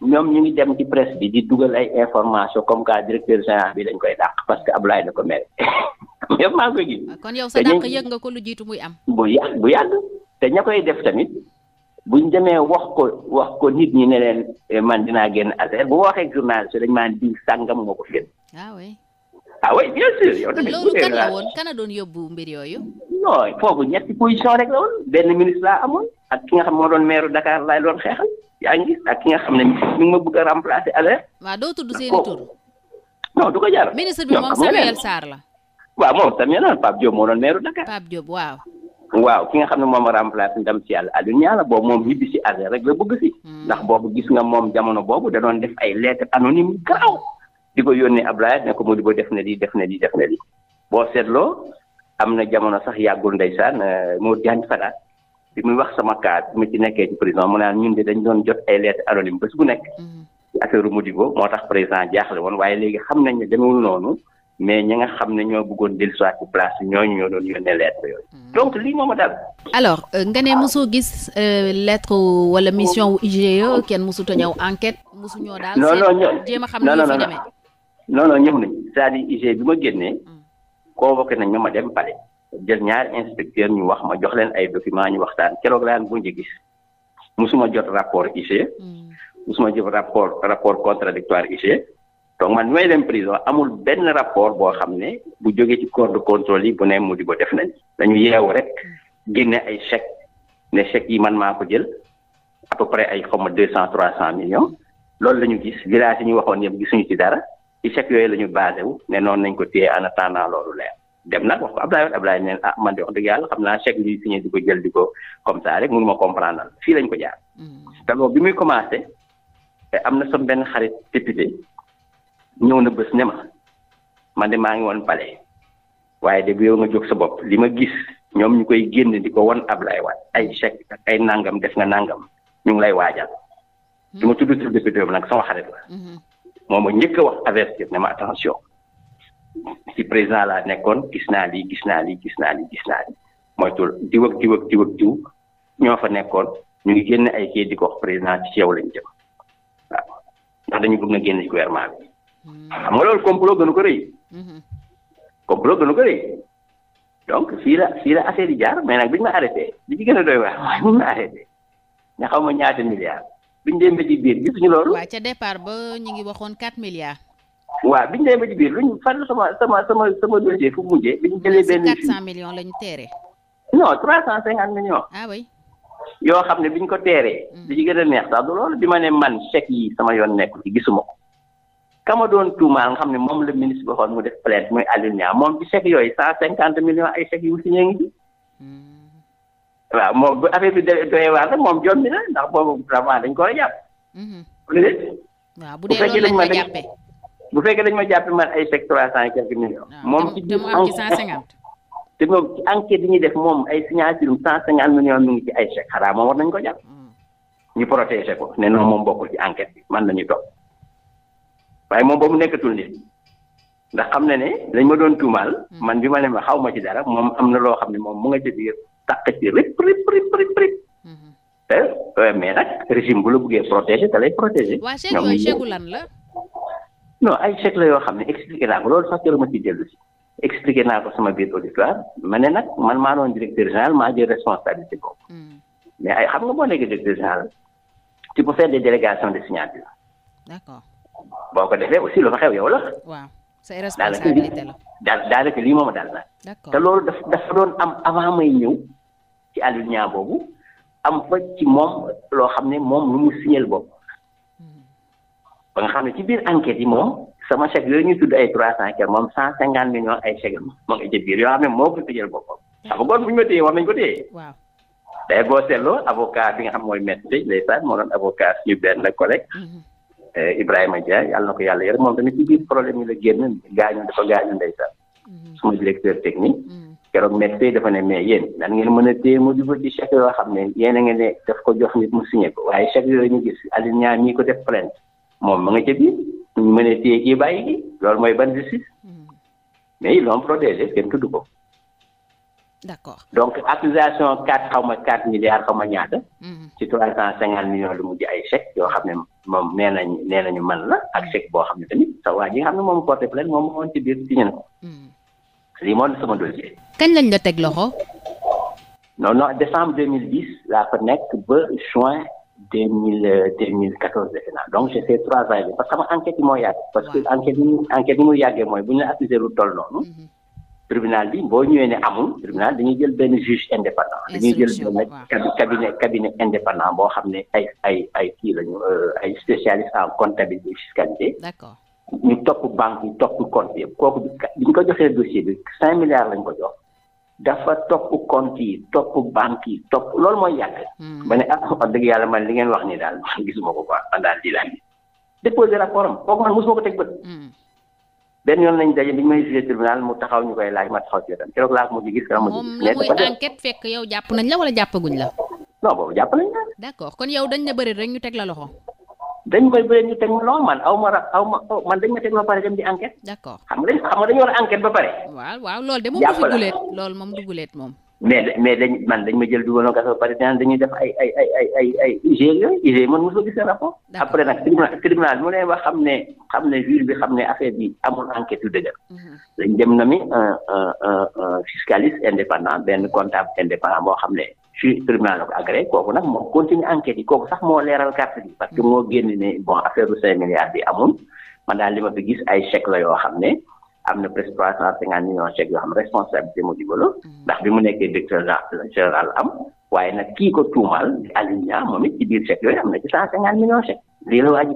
ñoom ñu ngi dem ci presse bi di dugal ay information comme quoi directeur général bi dañ koy dàq parce que Abdoulaye da ko mere yëpp maa ngi koy gis. Ah, kon yow sa dàq yëg nga ko lu jiitu muy am. bu yàgg bu yàgg ko wax ko nit ñi ne leen eh, man dinaa génn affaire bu waxee journaliste dañ maa di sàngam moo ko génn. ah oui. ah oui bien sûr yow tamit. loolu kan a doon yóbbu mbir yooyu. foofu ñetti position rek la benn ministre laa amoon. ak ki nga xam moo doon maire Dakar laay doon xeexal yaa ngi ak ki nga xam ne mi ma bëgg a remplacer alors. waaw doo tudd seen i tur. non du ko jar. ministre bi moom la. waaw moom Samuel Sarr Pape Diop moo doon maire Dakar. xam ne moom remplacé ndam si yàlla Aliou Niala boobu moom yibbi si affaire rek la hmm. ndax boobu gis nga moom jamono boobu da doon def ay lettres anonymes garaaw. di ko yónnee Ablaye ne ko Modibo def na def ne lii def ne lii boo seetloo am na jamono sax yàggul ndeysaan euh, moo jaan fadaat bi muy wax sama cas bi ma ci nekkee ci prison mu naan ñun de dañ doon jot ay lettres anonymes bés bu nekk. Mm-hmm. ci affaire moo tax président jaaxle woon waaye léegi xam nañ ne demewul noonu mais nga xam ne ñoo bëggoon dellu soit ci place bi ñooñu ñoo doon yónnee lettre yooyu. Mm-hmm. donc lii moo ma dal. alors euh, nga ne mosoo gis euh, lettre wala mission wu IGE kenn mosut a ñëw enquête. mosu ñoo daal seen jéem a xam ne fi demee non non ñëw nañ e bi ma génnee. Mm. convoqué nañ ma ma dem palais. jël ñaari inspecteur ñu wax ma jox leen ay documents ñu waxtaan keroog laa bu njëkk gis musuma jot rapport IGE hmm. musuma jot rapport rapport contradictoire IGE donc man may dem prison amul benn rapport boo xam ne bu jógee ci corps de contrôle yi bu ne mu di ba def nañ dañu yeewu rek génne ay chèque ne chèque yi man maa ko jël à peu près ay xawma deux cent trois cent millions loolu la ñu gis village yi ñu waxoon yëpp gisuñu ci dara ci chèque yooyu la ñu ne noonu nañ ko téye en dem nag wax ko Ablaye woon Ablaye neen ah man wax dëgg yàlla xam naa chèque bi signé di ko jël di ko comme ça rek mënuma comprendre fii lañ ko jaar mm. te loolu bi muy commencé am na sama benn xarit député ñëw na bés ne ma man de ngi woon pale waaye de bu yow nga jóg sa bopp li ma gis ñoom ñu koy génne di ko won Ablaye waat ay chèque ay nangam def nga nangam ñu ngi lay waajal du mm. ma tudd député boobu nag sama xarit la mm-hmm. moom ma njëkk a wax avertir ne ma attention si président laa nekkoon gis naa lii gis naa lii gis naa lii gis naa lii mooy tul diw ñoo fa nekkoon ñu ngi génn ay kii di ko président ci yow lañ jëm waaw ndax dañu bëgg nga génn ci gouvernement bi hmm. xam nga loolu complot gënu ko rëy hmm. complot gënu ko rëy donc fii la fii la affaire yi jaar mais nag bi ñu ma arrêté li ci gën a doy waar waaye bi ñu ma arrêté nga ma ñaata milliards biñ demee ci biir gisuñu loolu. waaw ca départ ba ñu ngi waxoon 4 milliards. waaw biñ demee ba ci biir luñ fan sama sama sama sama dossier fu mu mujjee. biñ jëlee benn 400 millions ah yoo xam ne biñ ko teeree. Mm. li ci gën a neex daal du loolu bi ma ne man chèque yi sama yoon nekkul ci gisuma ko. kama doon tuumaal nga xam ne moom la ministre waxoon mu def plainte muy Alioune Niang moom ci chèque yooyu 150 millions ay chèques yu signé ngi ci. Mm. waaw moom bu affaire bi doyee waar nag moom jombi na ndax boobu vraiment dañ ko war a mm-hmm. bu dee. waaw loolu lañ ko jàppee bu fekkee dañ ma jàpp man ay teg trois cent et quelques millions. Ah, moom ci biir te moom ci enquête yi ñuy def moom ay signature cent cinquante millions mi ngi ci ay chèques xanaa moom war nañ ko jàpp. Hmm. ñu protéger ko ne non moom bokkul ci enquête bi man nañu topp waaye moom ba mu nekkatul nit ndax xam na ne dañ ma doon tuumaal. Hmm. man bi ma ne ma xaw ma ci dara moom am na loo xam ne moom mu nga ci biir tàq ci rip rip rip rip rip. te hmm. eh, eh, régime bu la buggee protéger da lay protéger. ñoom la. non ay chèques la yoo xam ne expliqué naa ko loolu sax jaruma ci dellu si expliqué naa ko sama biir auditoire ma ne nag man maa doon directeur général maa jël responsabilité boobu hmm. mais ay xam nga boo nekkee directeur général tu peux faire des délégations de signature. d'accord boo ko defee aussi lu fa xew yow la. waaw c'est responsabilité la daal daanaka lii moom daal te loolu daf dafa doon am avant may ñëw ci alinéa boobu am fa ci moom loo xam ne moom lu mu signal bopp ba nga xam ne ci biir enquête yi moom sama chèque yooyu ñu tudd ay trois cent moom cent cinquante millions ay chèque am moo ngi ci biir yoo xam ne moo ko tëjal boppam. xam nga kon bu ñu ma téye war nañu ko téye. waaw day boo seetloo avocat bi nga xam mooy maître Ndeye ndeysaan moo mhm. eh, na ko yàlla yërëm moom tamit ci biir problème yi la génn gaañu dafa gaañu ndeysaan. Mhm. suma directeur technique. Mhm. keroog médecin dafa ne mais yéen nan ngeen mën a téye mu dugg ci xam ne yéen a ne daf ko jox nit mu signé ko waaye chèque yooyu ñu gis Alioune Niang ñii ko def plainte moom ma nga ca biir ñu mën a téye kii bàyyi kii loolu mooy ban justice hmm. mais ils l'ont protégé kenn tudd ko. d'accord donc accusation quatre xaw ma quatre milliards xaw ma ñaata. Hmm. ci trois cent cinquante millions lu mujj ay chèques yoo xam ne moom nee nañu nee nañu man la ak hmm. chèque boo xam ne tamit sa waa ji nga xam ne moom porté plainte moom moo woon ci biir signé na ko. lii moo sama dossier. kañ lañ la teg loxo. non décembre deux mille dix laa fa nekk ba juin. deux mille euh, deux mille quatorze defe naa donc j'ai fait trois ans parce que sama enquête yi yàgg parce que enquête yi enquête mu yàggee mooy bu ñu la accusé lu toll noonu mm-hmm. tribunal bi boo ñëwee ne amul tribunal dañuy jël benn juge indépendant dañuy jël benn cabinet cabinet indépendant boo xam ne ay ay ay kii lañu euh, ay spécialiste en comptabilité fiscalité ñu topp banque yi topp compte yëpp kooku bi ñu ko joxee dossier bi cinq milliards lañ ko jox dafa topp compte yi topp banque yi topp loolu mooy yàgg. ba hmm. ne ah wax dëgg yàlla man li ngeen wax ni daal gisuma ko quoi man daal di laaj. déposé rapport am kooku man mosuma ko teg bët. Hmm. benn yoon lañ daje bi ñu may visé ma taxaw ci wetam keroog laa ko mujj gis. keroog mujj la wala jàppaguñ la. non boobu jàpp nañ la. d'accord kon yow dañ na bëri rek ñu teg la loxo. dañ koy bëree ñu teg ma non man aw ma ra aw ma man dañ ma teg ba pare dem di enquête. d'accord xam nga dañ xam nga dañu war a enquête ba pare. waaw waaw de moom du fi moom du guleet moom. mais mais dañ man dañ ma jël dugal noonu kaso ba pare dañuy def ay ay ay ay ay ay UG yooyu UG man mosoo gis seen rapport. après nag tribunal tribunal mu ne ma xam ne xam ne juge bi xam ne affaire bi amul enquête yu dëgër. Mhm. dañ dem na mi un un un indépendant benn comptable indépendant boo xam ne. juge tribunal la ko agréé kooku nag moo continue enquête yi kooku sax moo leeral carte parce que moo génn ne bon affaire bu cinq milliards bi amul man daal li ma gis ay chèque la yoo xam ne am na presque trois cent cinquante millions chèques yoo xam ne responsabilité mu jubalo mm. ndax bi mu nekkee directeur général am waaye nag ko tuumaal Alioune Niang moom it ci biir chèques yooyu am na ci cent cinquante millions chèques lii mm-hmm. waaw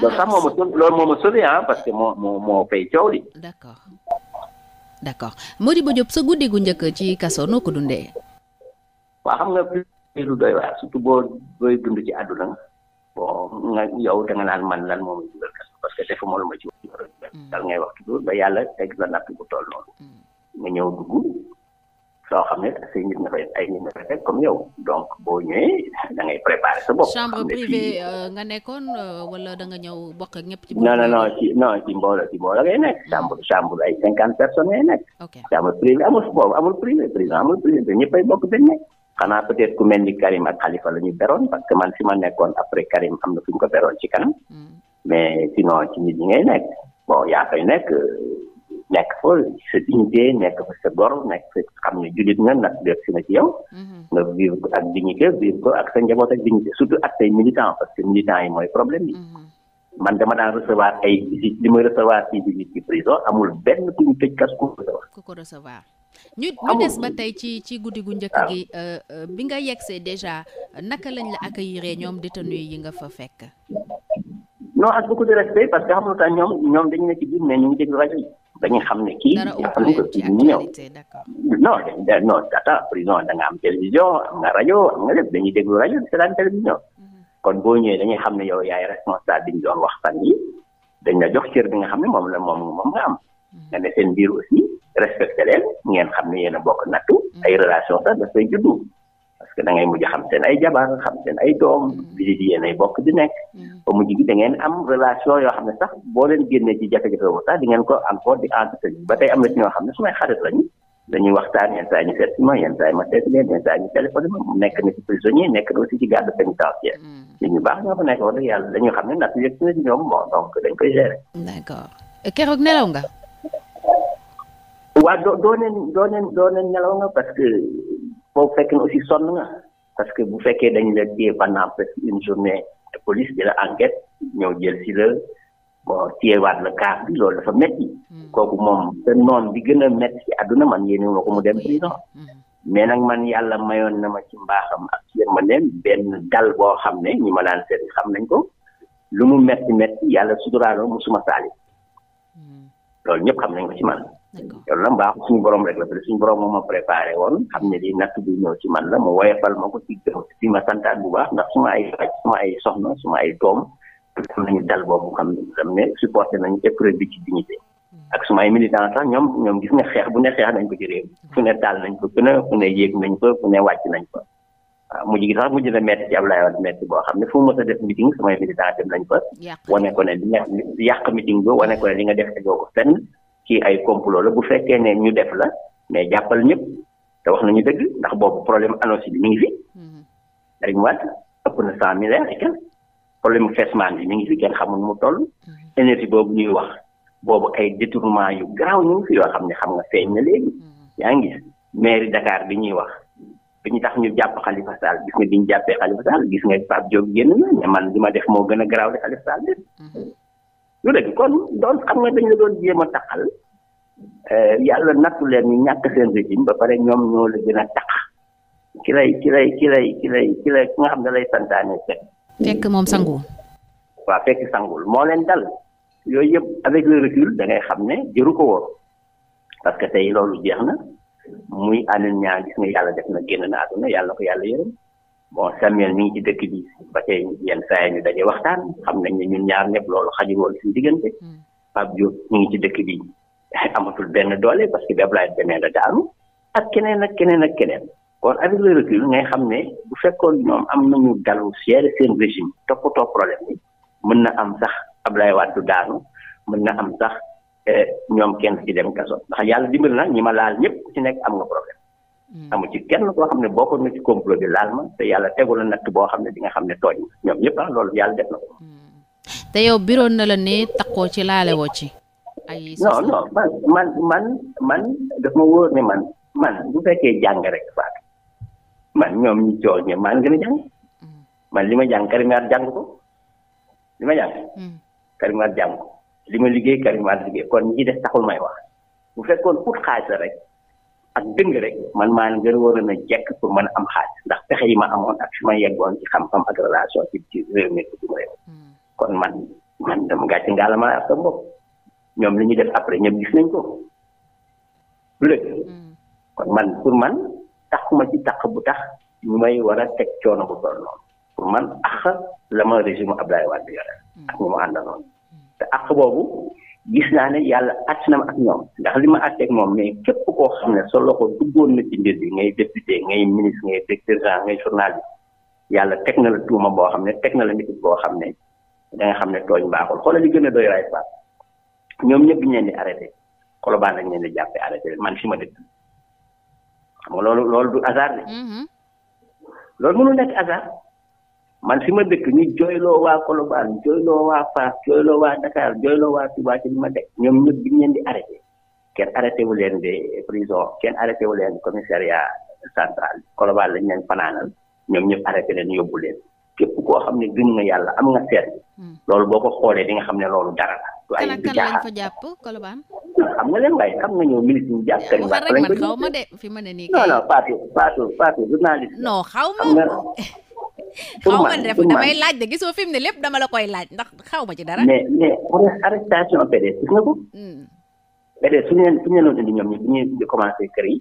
loolu sax moo ma loolu moo ma sauvé ah parce que moo moo moo coow li d'accord d'accord ba Diop sa guddi gu njëkk ci kaso noo ko dundee. waaw xam nga prison lu doy waar surtout boo booy dund ci àdduna bon nga yow da nga naan man lan moom la dugal kaso parce que defuma lu ma ci war a mm. dal ngay wax toujours ba yàlla teg la natt bu toll noonu mm. nga ñëw dugg. soo xam ne say nit nga fay ay nit nga fay teg comme yow donc boo ñëwee da ngay préparer sa bopp. chambre privée nga nekkoon ci non ci non ngay nekk chambre chambre ay cinquante personnes ngay nekk. ok chambre privée amul boobu amul privé président amul privé ñëppay bokk benn xanaa peut ku mel ni Karim ak Khalifa la ñu beroon parce que man fi ma nekkoon après Karim am na fu ko beroon ci kanam. mais sinon ci nit ngay nekk bon yaa fay nekk. nekk fa sa dignité nekk fa sa gor nekk fa xam ne jullit nga nag def si na ci yow. Mhm. nga vivre ko ak dignité vivre ko ak sa njaboot ak dignité surtout ak say militants parce que militants yi mooy problème bi. Mhm. man dama daan recevoir ay li may recevoir ci visite ci prison amul benn ku ñu tëj kas ku recevoir. ñu ñu des ba tey ci guddi gu njëkk gi euh, euh, bi nga yegsee déjà naka lañ la accueillir ñoom détenu yi nga fa fekk. non ak beaucoup de respect parce que xam nga ñoom ñoom dañu ne dañuy xam ne kii defal nañ ko kii ñu ñëw non da non data prison da nga am télévision am nga rajo am nga lépp dañuy déglu rajo di seetaan télévision kon boo ñëwee dañuy xam ne yow yaay responsable bi ñu doon wax fan yi dañ la jox cër bi nga xam ne moom la moom nga am nga ne seen biir aussi respecté leen ngeen xam ne yéen a bokk nattu ay relation sax dafay juddu que da ngay mujj xam seen ay jabar xam seen ay doom mm-hmm. di di ay bokk di nekk mm-hmm. ba mujj gi am relation yoo xam ne sax boo leen génnee ci jafe-jafe boobu sax di ngeen ko encore di entretenir ba tey am na ci ñoo xam ne su may xarit lañu dañuy waxtaan yenn saa yi ma nekk na ci prisonnier nekk na aussi ci garde pénitentiaire li mm-hmm. ñu baax ñoo fa nekk wax dëgg yàlla dañu xam ne natt yëg na ñoom bon donc dañ koy gérer. d'accord keroog nelaw nga. waa doo doo neen doo neen doo neen nelaw nga parce que foofu fekk na aussi sonn nga parce que bu fekkee dañu la téye pendant presque une journée de police di la enquête ñëw jël si la bon téyewaat la kaaf bi loolu dafa metti hmm. kooku moom te noonu bi gën a metti ci àdduna man yéen ma ko mu dem prison hmm. mais nag man yàlla mayoon na ma ci mbaaxam ak ma yërmandeem benn dal boo xam ne ñu ma daan seet xam nañ ko lu mu metti metti yàlla suturaalo suma saali hmm. loolu ñëpp xam nañ ko ci man loolu nag mbaaxu suñu borom rek la parce que suñu borom moo a préparé woon xam ne di natt bi ñëw ci man la mu woyefal ma ko ci gëm ma santaat bu baax ndax su ma ma ay soxna su ma ay doom am nañu dal boobu xam ne dam ne supporté bi hmm. ak su ma ay militant sax ñoom ñoom gis xeex bu ne xeex nañ ko ci réew hmm. taal nañ ko fu ne ne yéeg nañ ko fu ne wàcc nañ ko waaw gi sax mujj na métti ci Abdoulaye Wade métti xam ne fu mu a def meeting samay a dem nañ fa wane ko ne li nga yàq meeting ba wane ko li nga def tegoo ko fenn ci ay complot la bu fekkee ne ñu def la mais jàppal ñëpp te wax nañu dëgg ndax boobu problème annonce bi mi ngi fi. Mm-hmm. Karim mu Fesman bi mi ngi fi kenn xamul mu toll. Mm-hmm. énergie boobu ñuy wax boobu ay détournement yu garaaw ñu ngi fi yoo xam ne xam nga feeñ na léegi. Mm-hmm. yaa ngi gis mairie Dakar bi ñuy wax bi ñu tax ñu jàpp Khalifa Sall gis nga bi ñu jàppee Khalifa Sall gis nga Pape Diop génn na ne man li ma def moo gën a garaaw li Khalifa Sall def. lu nekk kon doon xam nga dañ la doon jéem a taxal eh, yàlla nattu leen ñu ñàkk seen régime ba pare ñoom ñoo la gën a tax ci lay ci lay ci lay ci lay ci lay ki nga xam ne lay santaane fekk. fekk moom sangul. waaw fekk sangul moo leen dal yooyu yëpp avec le recul da ngay xam ne jëru ko woon parce que tey loolu jeex na muy ànd ñaa gis nga yàlla def na génn na àdduna yàlla ko yàlla yërëm. bon Samuel mi ngi ci dëkk bi ba tey yenn saa yi ñu daje waxtaan xam nañ ne ñun ñaar ñëpp loolu xajul woon suñu diggante hmm. Pape Diop mi ngi ci dëkk bi amatul benn doole parce que bi Ablaye beneen la daanu ak keneen ak keneen ak keneen kon avec le recul ngay xam ne bu fekkoon ñoom am na nañu dalu seere seen régime toppatoo problème bi mën na am sax Ablaye Wade du daanu mën na am sax eh, ñoom kenn ci dem kaso ndax yàlla dimbali na ñi ma laal ñëpp ci nekk am nga problème Hmm. amu ci kenn koo xam ne bokkoon na ci complot laal ma te yàlla tegu la natt boo xam ne di nga xam ne tooñ ñoom ñëpp ah loolu yàlla def hmm. te yow biroon na la ne takkoo ci laale woo ci. ay non non man man man man daf ma wóor ne man man bu fekkee jàng rek faat man ñoom ñu coow ñe hmm. li ma jàng Karim Wade jàng ko li ma jàng. Karim Wade jàng ko li ma liggéey Karim Wade liggéey kon ñu ci def taxul may wax bu fekkoon ut xaalis la rek. ak dëng rek man maa gën waroon a jekk pour man am xaalis ndax pexe yi ma amoon ak fi ma yeggoon ci xam-xam ak relation ci ci réew mi dugub réew hmm. kon man man dama gàcce ak sa ñoom li ñu def après ñëpp gis nañ ko lu hmm. kon man pour man taxuma ci tax bu tax ñu may war a teg coono bu toll noonu pour man ax la ma régime Abdoulaye Wade yore ak ñu mu àndaloon hmm. te ax boobu gis naa ne yàlla àtt na ma ak ñoom ndax li ma àtteeg moom mais képp koo xam ne sa loxo duggoon na ci mbir bi ngay député ngay ministre ngay directeur général ngay journaliste yàlla teg na la tuuma boo xam ne teg na la nit boo xam ne da nga xam ne tooñ baaxul xoolal li gën a doy ñoom ñëpp ñu leen di arrêté Colobane lañ leen di jàppee arrêté man fi ma dëkk xam nga loolu loolu du hasard de. Mm-hmm. loolu mënul nekk hasard. man fi ma dëkk ñu jooyloo waa Colobane jooyloo waa Fass jooyloo waa Dakar jooyloo waa Touba ci bi ma dëkk ñoom ñëpp bi ñu leen di arrêté kenn arrêté wu leen de prison kenn arrêté wu leen commissariat central Colobane lañ leen fanaanal ñoom ñëpp arrêté leen yóbbu leen képp koo xam ne gën nga yàlla am nga seet hmm. loolu boo ko xoolee di nga xam ne loolu dara la. du ay du jaaxal fa jàpp Colobane. xam nga leen waaye xam nga ñëw milice ñu jàpp. kan wax rek man xaw ma de fi ma ne nii. non xaw ma def damay laaj de gisoo fi mu ne lépp dama la koy laaj ndax xaw ma ci dara. mais mais arrestation PDS gis nga ko. PDS suñu leen commencé kër yi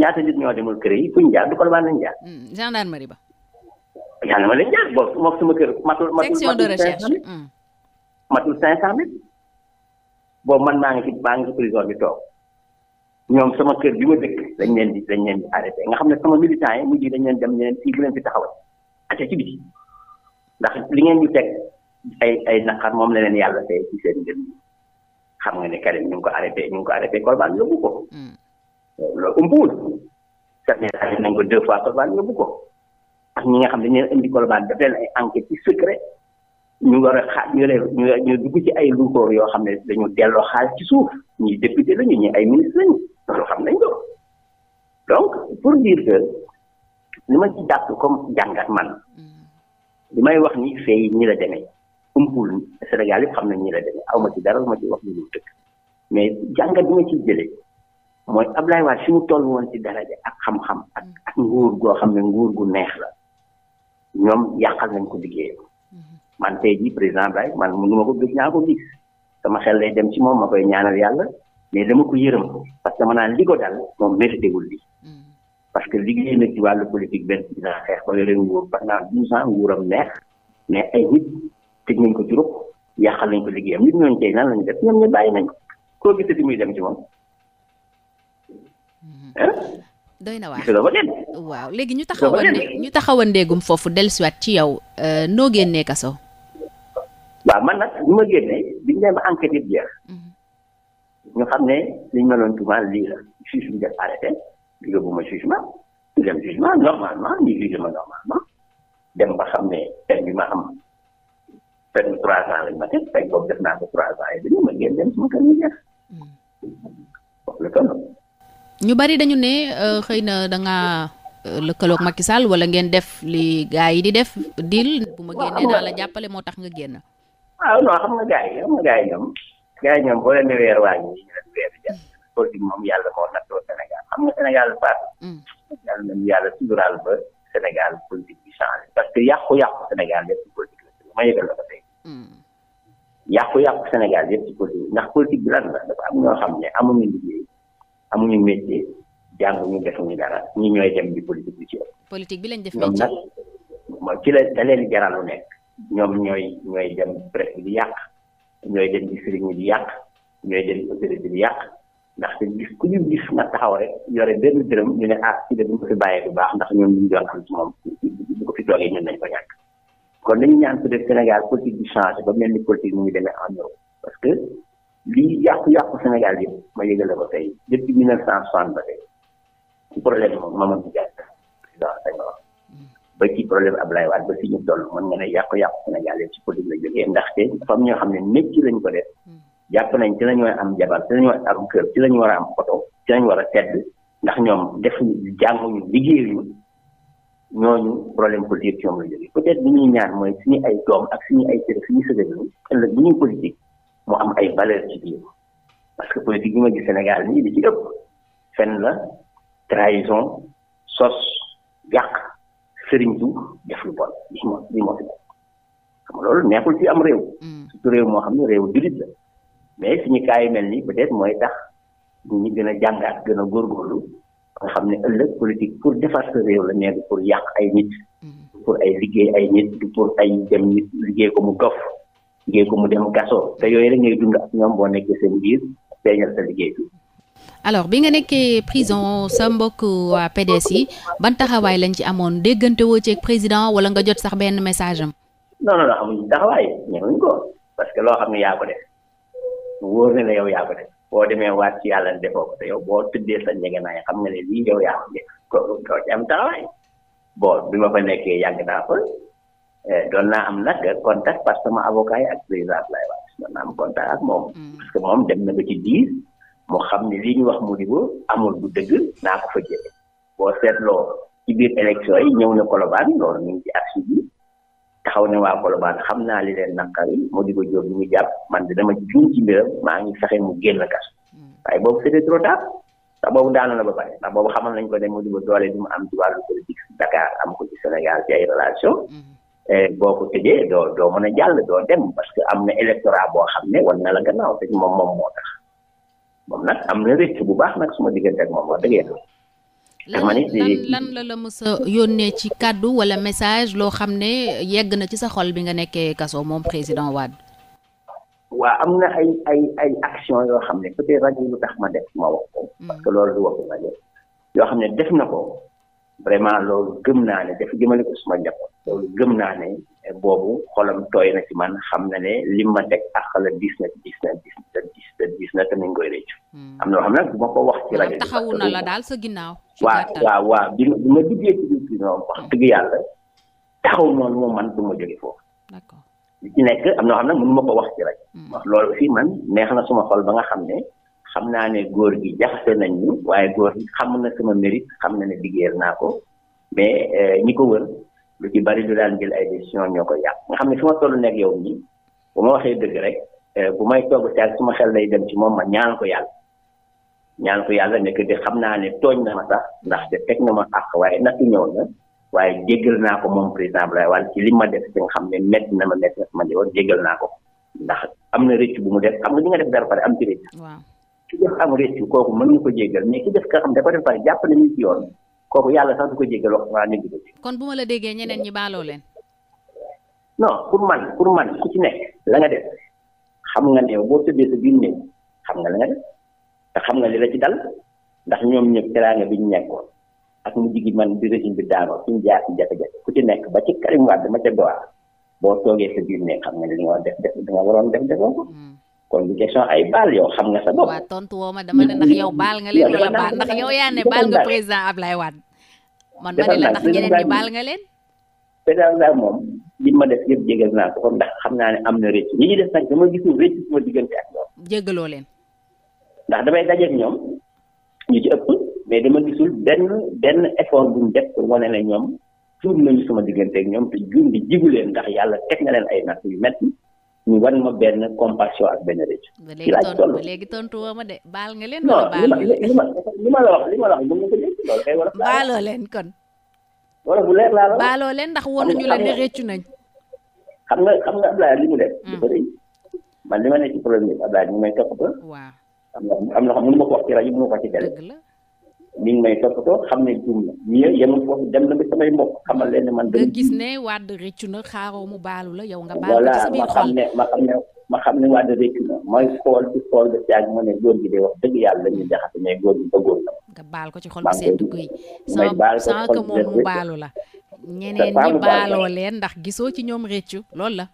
ñaata nit ñoo demul kër yi fuñ jaar du ko lañ jaar. gendarmerie ba. gendarmerie lañ jaar boobu moom suma kër matul matul. section de recherche matul 500 mètres. boobu man maa ngi fi maa ngi ci toog. ñoom sama kër bi ma dëkk dañ leen di dañ leen di arrêté nga xam ne sama militant yi mujj dañ leen dem leen fii bu leen fi taxawal aca ci biti ndax li ngeen ñu teg ay ay naqar moom la leen yàlla tey ci seen mbir xam nga ne Karim ñu ngi ko arrêté ñu ngi ko arrêté Colobane yóbbu ko mm. loolu umpuwul certains arrêté nañ ko deux fois Colobane yóbbu ko ak ñi nga xam ne dañu indi Colobane def leen ay enquêtes ci secret ñu war a xaar ñu ne ñu dugg ci ay luukoor yoo xam ne dañu delloo xaalis ci suuf ñu député lañu ñu ay ministre lañu loolu xam nañ ko donc pour dire que. li ma ci comme jàngat man may wax ni fee ñi la demee umpul Sénégal xam nañ ñi la awma ci dara ma ci wax lu dul mais jàngat bi ma ciy jëlee mooy Ablaye Wade fi mu toll woon ci daraja ak xam-xam ak mm. ak nguur goo xam ne nguur gu neex la ñoom yàqal nañ ko liggéeyam mm-hmm. man tey jii président Ablaye man nu ma ko gis ñaa ko gis sama xel lay dem ci moom ma koy ñaanal yàlla mais dama ko yërëm parce que ma naan li ko dal moom mérité wul lii mm. parce que liggéey na ci wàllu politique benn président xeex ba yore nguur pendant douze ans nguuram neex mais ay nit tëj nañ ko ci ruq yàqal nañ ko liggéeyam nit ñooñu tey nan lañu def ñoom ñu bàyyi nañ ko koo gisati muy dem ci moom hmm. doy léegi ñu taxawande ñu taxawandeegum foofu dellusiwaat ci yow euh, noo génnee kaso waaw man nag ñu ma génnee biñu dem enquête yi jeex ñu hmm. xam ne liñ ma doon tuumaal lii la juge def arrêté yóbbu ma ñu ma normalement dem ba xam ne peine bi ma bari dañu ne euh, xëy na da nga euh, lëkkaloog Macky Sall ngeen def li gars yi di def deal bu ma génnee naa la jàppale moo tax nga génn waaw ah, non xam nga gars yi xam nga gars yi ñoom gars yi ñoom boo leen weer waa ñi ñu leen weer jàpp politique moom yàlla moo nattoo Sénégal xam nga Sénégal baax mm. yàlla nañu yàlla suturaal ba Sénégal politique bi changé parce que yàqu-yàqu Sénégal yëpp ci politique la ma yëgal la ko tey mm. yàqu-yàqu Sénégal yëpp ci politique ndax politique bi lan la dafa am ñoo xam ne amuñu liggéey amuñu métier jànguñu defuñu dara ñi ñooy dem di politique bi ci ëpp politique bi lañ def métier ñoom nag ci la da leen jaral lu nekk ñoom ñooy ñooy dem presse di yàq ñooy dem ci sëriñ di yàq ñooy dem autorité di yàq ndaxte gis ku ñu gis nga taxaw rek yore benn dërëm ñu ne ah ci de bu ko fi bàyyee bu baax ndax ñoom ñu doon am ci moom bu ko fi toogee ñun nañ ko kon dañu ñaan su def Sénégal politique bi ba mel ni politique mu ngi demee en parce que lii yàqu-yàqu Sénégal yëpp ma yëgal la ko tey depuis mille neuf cent soixante ba tey ci problème moom Mamadou Diatta président Senghor ba ci problème Abdoulaye Wade ñu toll mën nga ne yàqu-yàqu Sénégal yëpp ci politique la jógee ndaxte dafa ñoo xam ne métti lañ ko def jàpp nañ ci lañ war am jabar ci lañ a am kër ci lañ war a am oto ci lañ war a tedd ndax ñoom defuñu jànguñu liggéeyuñu ñooñu problème politique ci ñoom la jógee peut-être li ñuy ñaan mooy suñu ay doom ak suñu ay sëriñ suñu sëriñ ëllëg bu ñuy politique moo am ay valeur ci biir parce que politique bi ma gis Sénégal nii di ci ëpp fenn la trahison sos yàq sëriñ du def lu bon li moo li moo fi xam loolu neexul ci am réew mm. surtout réew moo xam ne réew jullit la mais suñu kaay yu mel ni peut-être mooy tax ñu gën a jàngaat gën a góor góorlu nga xam ne ëllëg politique pour defar sa réew la nekk pour yàq ay nit. pour ay liggéey ay nit pour ay dem nit liggéey ko mu dof liggéey ko mu dem kaso te yooyu rek ngay dund ak ñoom boo nekkee seen biir feeñal sa liggéey bi. alors bi nga nekkee prison sa mbokk waa PDS yi ban taxawaay lañ ci amoon déggante woo ci président wala nga jot sax benn message am. non non non amuñu taxawaay ñëwuñ ko parce que loo xam ne yaa ko def. wóor na ne yow yaa ko def boo demee waat ci yàlla defoo ko te yow boo tuddee sa njëgënaay xam nga ne lii yow yaa ko def ko doo ci am taxawaay bon bi ma fa nekkee yàgg naa ko eh, doon naa am nag contact parce que ma avocat ak président Abdoulaye am contact ak mm. moom. dem na ba ci diir mu xam ne lii ñu wax Modibo amul bu dëgg naa ko fa jëlee boo seetloo ci biir élection yi ñëw na Colobane loolu ñu ngi ci archive bi taxaw ne waa Colobane xam naa li leen naqari Modibo Diop bi ñu jàpp man de dama juum ci mbiram maa ngi fexe mu a kaso hmm. waaye boobu c'était trop tard ndax boobu na ba pare ndax boobu xamal nañ ko ne Modibo doole bi mu am ci wàllu politique Dakar am ko ci Sénégal ci ay relation hmm. eh, boo ko tëjee doo doo mën a jàll doo dem parce que am na électorat boo xam ne war na la gannaaw te moom moom moo tax moom nag am na rëcc bu baax nag suma diggante ak moom wax dëgg yàlla dama ni lan la la mës a yónnee ci kàddu wala message loo xam ne yegg na ci sa xol bi nga nekkee kaso moom président Wade. waa am na ay ay ay action yoo xam ne peut-être rajo lu tax ma def ma wax ko. Mm. parce que loolu du waxu rajo yoo xam ne def na ko vraiment loolu gëm naa ne def jëmale ko suma jàpp gëm naa ne boobu xolam tooy na ci man xam na ne lim ma teg àq la diis na diis na diis na diis na diis na te hmm. am na wax ci sa ginnaaw waa waa waa bi ma bi ma duggee ci hmm. moom man du ma jóge foofu d'accord nekk am na loo nag mënu ma ko wax ci rajo hmm. wax loolu aussi man neex na suma xol ba nga xam ne xam naa ne góor gi jaxase nañ ñu waaye góor gi xam na sama mérite xam na ne liggéeyal naa ko mais euh, ñi ko wër lu ci bari lu daan jël ay décision ñoo koy yàq nga xam ne fi ma toll nekk yow nii bu ma waxee dëgg rek eh, bu may togg si ak ma xel lay dem ci moom ma ñaan ko yàlla ñaan ko yàlla nekk di xam naa ne tooñ na ma sax ndaxte teg na ma àq waaye nattu ñëw na waaye jéggal naa ko moom président Abdoulaye Wade ci li ma def si xam ne métti na ma ma woon jéggal naa ko ndax am na rëcc bu mu def xam nga li nga def dara pare am ci rëcc ki def am rëcc kooku mën nga ko jéggal mais ki def ka xam dafa def pare jàpp na ñu ci yoon kooku yàlla sax du ko jéggal wax waa nit ñi ko bu ma la déggee ñeneen ñi baaloo leen. non pour man pour man ku ci nekk la nga def xam nga ne boo tëddee sa biir xam nga la te xam nga li la ci dal ndax ñoom ñëpp teraanga bi ñu nekkoon ak mu jigi man bi régime bi daanoo suñu jaar ci jafe-jafe ku ci nekk ba ci Karim Wade ma ca Doha boo toogee sa biir néeg xam nga ne li nga def def da nga waroon def defoo ko. Hmm. kon bu question ay baal yow xam nga sa bopp. waaw tontu woo ma dama ne ndax yow baal nga leen. wala baal ndax yow yaa ne baal nga président Ablaye Wade. man ma ne la ndax ñeneen ñi baal nga leen. moom li ma def yëpp jégal naa ko ndax xam naa ne am na rëcc ñi ñuy def nag dama gisul rëcc sama diggante ak ñoom. jégaloo leen. ndax damay dajeeg ñoom ñu ci ëpp mais dama gisul benn benn effort bu def pour wane ne ñoom tuub nañu sama diggante ak ñoom te juum bi jigu leen ndax yàlla teg na leen ay natt yu metti ñu wan ma benn compassion ak benn rëcc. ba léegi tontu ma de baal nga leen. wala baal li ma la li ma la wax mën nga ko a. baaloo leen kon. bu leer la. baaloo leen ndax wonuñu la ne rëccu nañ. xam nga xam nga Abdoulaye li mu def. dafa mm. rëy man li ma nekk ci problème bi Abdoulaye ñu may toppatoo. waaw am na xam mënu ma ko wax ci rajo mënu ma ko wax ci télé. la mi ngi may toppatoo xam ne juum na ñii yemul foofu dem na bi samay mbokk xamal leen ne man. nga gis ne Wade rëccu na xaaroo mu baalu la yow nga. baalu ci ma xam ne ma xam ne ma xam ne Wade rëccu xool xool ba caag ma ne góor gi yàlla ñu jaxase mais góor gi bëggoon ko ci xol bu ko ci xol bu la. ñeneen ñi baaloo leen ndax gisoo ci ñoom rëccu loolu la.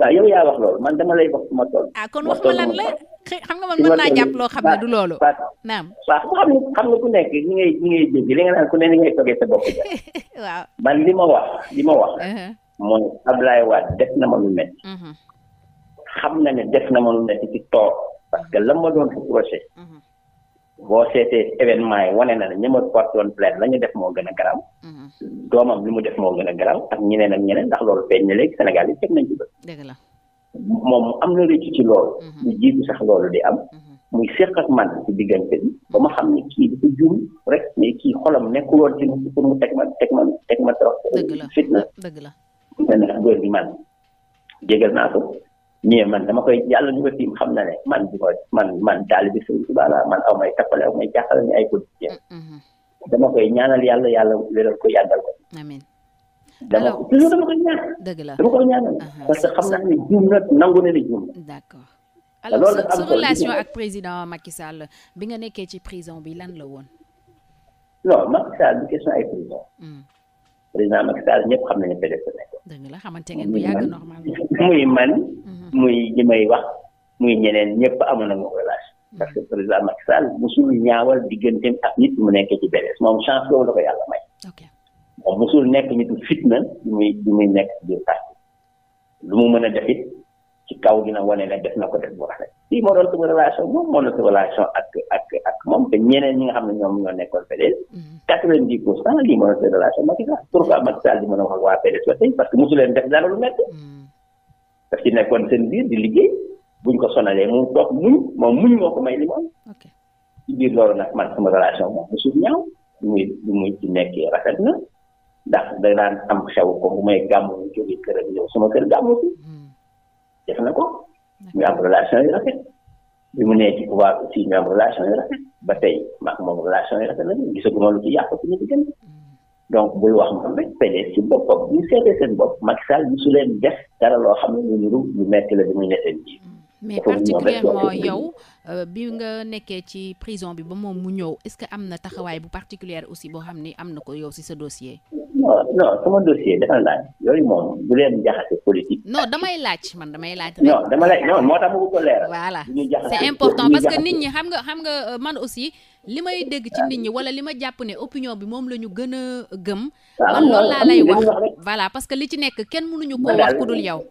waaw yow yaa wax loolu man dama lay wax ma toll. ah kon wax ma lan la xam nga man mën naa jàpp loo xam ne du loolu. li nga naan ku ne ni ngay toggee sa bopp waaw man li ma wax li ma wax. Uh-huh. mooy Ablaye Wade def na ma lu métti. Uh-huh. xam na ne def na ma lu ci toog parce la ma doon reproché. boo seetee événement yi wane na ne ñi ma porté la ñu def moo gën a garaaw. Mhm. doomam li mu def moo gën a garaaw ak ñeneen ak ñeneen ndax loolu feeñ na léegi Sénégal yi teg nañ ci bët. dëgg la moom am na rëcc ci loolu. Mhm. lu jiitu sax loolu di am. Mhm. muy seq ak man ci diggante bi ba ma xam ne kii dafa juum rek mais kii xolam nekkul woon ci pour mu teg ma teg ma teg ma trop. dëgg la la fitna. nee na góor gi man jégal naa ko. mais man dama koy yàlla ñu ko tiim xam na ne man ma man daal bi suñ Tuubaa laa man aw may tappale aw may jaaxal ni ay politicien dama koy ñaanal yàlla yàlla wéral ko yàggal ko amiin dama toujours dama koy ñaan dëgg la dama koy ñaanal parce que xam naa ne juum na nangu na ne juum na d'accord alors sa relation ak président Macky Sall bi nga nekkee ci prison bi lan la woon non Macky Sall bi question ay prison président Macky Sall ñëpp xam nañu PDS nekk. dëgg la xamante ngeen bu muy man muy li mhm. may wax muy ñeneen ñëpp amoon nañu relation. Mhm. parce que président Macky Sall musul ñaawal digganteem ak nit mu nekk ci PDS moom chance boobu la ko yàlla may. ok moom musul nekk nitu fitna muy muy nekk biir parti lu mu mën a def ci kaw dina wane ne def na ko def bu rafet lii moo doon sama relation moom moo doon sama relation ak ak moom te ñeneen ñi nga xam ne ñoom ñoo nekkoon PDS mm-hmm. quatre-vingt-dix pour cent lii moo doon seen relation Macky parce que mm-hmm. nekkoon seen biir di liggéey buñ ko sonalee mu toog muñ moom moo ko may li moom ci biir loolu nag man sama relation moom mosul ñaaw lu muy lu muy ci nekkee rafet na ndax da daan am xew ko bu may gàmmu ñu jógee këram ñëw sama kër gàmmu fi mm-hmm. def na ko ñu am relation yu rafet bi mu nee ci pouvoir aussi ñu am relation yu rafet ba tey maak moom relation yu rafet la ñu gisaguma lu ci yàq suñu diggante mm. donc buy wax moom rek PDS ci boppam ñu seetee seen bopp Macky Sall musu leen def dara loo xam ne ñu nuru lu metti la bi muy netteel ji mm. mais particulièrement yow euh, bi nga nekkee ci prison bi ba moom mu ñëw est-ce que am na taxawaay bu particulière aussi boo xam ni am na ko yow si sa dossier. non non sama dossier dafa laaj yooyu moom bu leen jaxase politique. non damay laaj man damay laaj. non dama laaj non voilà c'est important parce que nit ñi xam nga xam nga euh, man aussi. li may dégg ci nit ñi wala li ma jàpp ne opinion bi moom la ñu gën a gëm. Ah, man loolu laa parce que li ci nekk kenn mënuñu koo dul yow.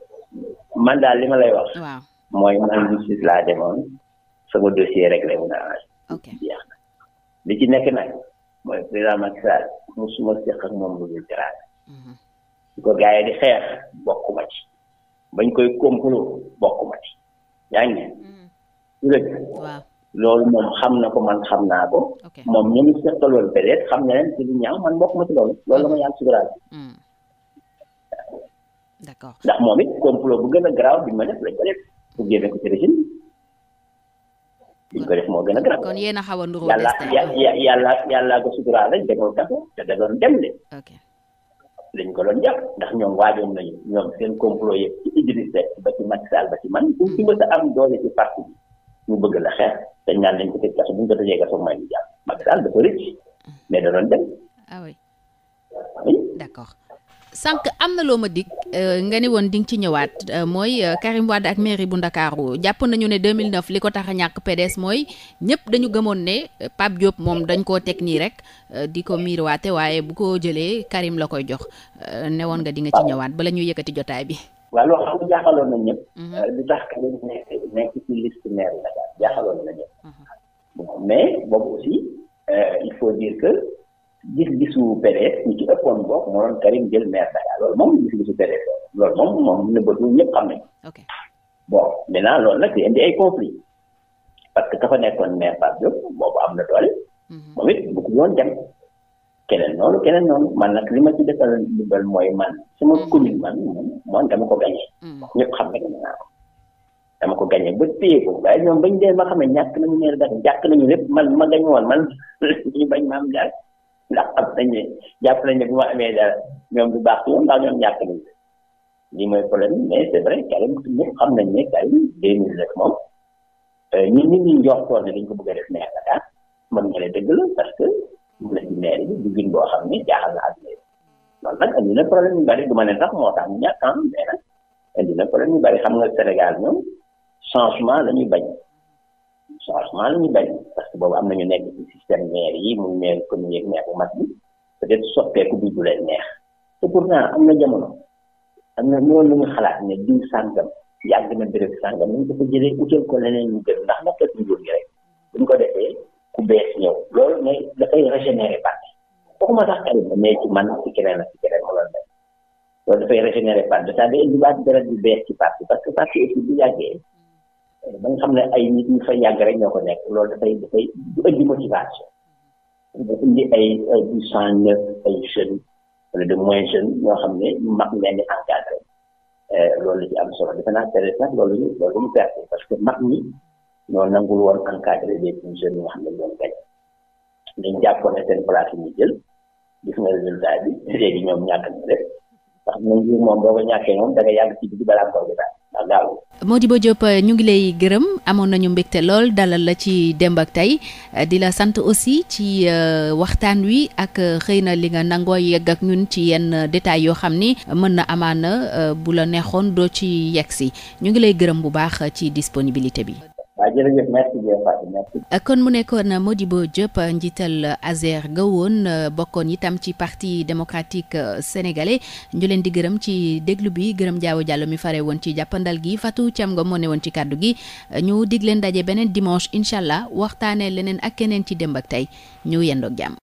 man daal li lay wax. waaw. mooy man justice laa demoon sama dossier réglé wu naa ok li ci nekk nag mooy président Macky Sall musuma ak moom lu dul teraanga mhm. su ko gars di xeex bokkuma ci bañ koy complot bokkuma ci yaa ngi mhm. dëgg loolu moom xam na ko man xam naa ko moom ñu ngi seqaloon peut-être xam na leen ci lu ñaaw man bokkuma ci loolu loolu ma yàlla suturaal mhm. ndax moom it complot bu gën a garaaw bi ma def lañ ko bu génneeku ñu ko def moo gën a garaaw. kon yéen a xaw a yàlla yàlla yàlla ko suturaal rek demoon kaso te da doon dem de. ok lañ ko doon jàpp ndax ñoom waajoon na ñoom seen complot yëpp ci Idriss Seck ba ci Macky Sall ba ci man ku ci mës a am doole ci parti bi bëgg la xeex dañ ñaan lañ ko tëj kaso bu ñu ko tëjee kaso may ñu jàpp Macky Sall dafa rëcc mais da doon dem. ah oui sànq am na loo ma dig euh, nga ne woon di nga ci ñëwaat euh, mooy euh, Karim Wade ak mairie bu Ndakaaru jàpp nañu ne 2009 li ko tax ñàkk PDS mooy ñëpp dañu gëmoon ne Pape Diop moom dañ koo teg nii rek di ko waate waaye bu ko jëlee Karim la koy jox newoon nga di nga ci ñëwaat bala ñuy yëkkati jotaay bi. waaw loolu xam nga na ñëpp. Mhm. lu tax Karim nekk nekk ci liste maire la jaaxaloon na ñëpp. Mhm. bon mais boobu aussi il faut gis-gisu PDS ñu ci ëppoon bokk moo doon Karim jël maire Dakar loolu moom gis-gisu PDS loolu moom moom ne bëtu ñëpp xam nañ nag di indi parce que ka fa nekkoon maire Pape am na doole mhm. moom it bu ko yoon dem keneen noonu keneen noonu man nag li ma ci defal ndimbal mooy man sama mhm. commune man moom dama ko gagné mhm. ñëpp xam nañ ne naa ko dama ko gagné ba téye ko waaye ñoom bañ dee ma xam ne ñàkk nañu maire Dakar ñàkk nañu lépp man ma gagné woon man ñu bañ ma am daal ndax xam nañ ne jàpp nañ ne bu ma amee dara ñoom du baax ci yoon ndax ñoom ñàkk nañ lii mooy problème mais c'est vrai Karim ñëpp xam nañ ne Karim deux mille neuf moom euh, ñun ñi ñu njortoon ne dañ ko bëgg a def maire Dakar mën nga ne dëgg la parce que mu la ci maire bi duggin boo xam ne jaaxal na ak léegi loolu nag indi na problème yu bari du ma ne sax moo tax mu ñàkk ah mais nag indi na problème yu bari xam nga Sénégal ñoom changement la bañ changement la ñu bañ parce que boobu am na ñu nekk ci système maire yi muy maire commune yeeg maire bu mag bi peut-être soppeeku bi du leen neex te pourtant am na jamono am na loolu lu ñu xalaat ne diw sàngam yàgg na béréb sàngam ñu ko ko leneen ñu gën ndax ko defee ku bees ñëw loolu mais dafay régénérer parti waxuma sax xarit na mais ci man ci keneen ak ci keneen mu loolu def loolu dafay régénérer parti cest à indiwaat deret bu bees ci parti parce que parti bu yàggee ba nga xam ne ay nit ñu fa yàgg rek ñoo ko nekk lool dafay dafay du indi motivation da indi ay ay du cent neuf ay jeunes wala de moins jeunes ñoo xam ne mag ngeen di encadré euh, loolu la am solo defe naa période nag loolu loolu mu perte parce que mag ñi ñoo nangul woon encadré des plus jeunes yi nga ne ñoom ñu jël gis nga résultat bi léegi ñoom ñàkk na rek ndax ñun jur moom boo ko ñàkkee moom da nga yàgg ci biir balaa nga ko daal. ba Diop ñu ngi lay gërëm amoon nañu mbégte lool dalal la ci démb ak tey di la sant aussi ci euh, waxtaan wi ak euh, xëy na li nga nangoo yegg ak ñun ci yenn euh, détails yoo xam ni mën na amaan amaana bu la neexoon doo ci yegg si ñu ngi lay gërëm bu baax ci disponibilité bi. waaw jërëjëf merci bien Fatou merci. Euh, kon mu nekkoon Modibo Diop njiital Azer ga woon euh, bokkoon itam ci parti démocratique euh, sénégalais ñu leen di gërëm ci déglu bi gërëm jaawo jàll mi fare woon ci jàppandal gi Fatou Thiam nga moo ne woon ci kàddu gi ñu dig leen daje beneen dimanche incha allah waxtaanee leneen ak keneen ci démb ak tey ñu yendoog jàmm.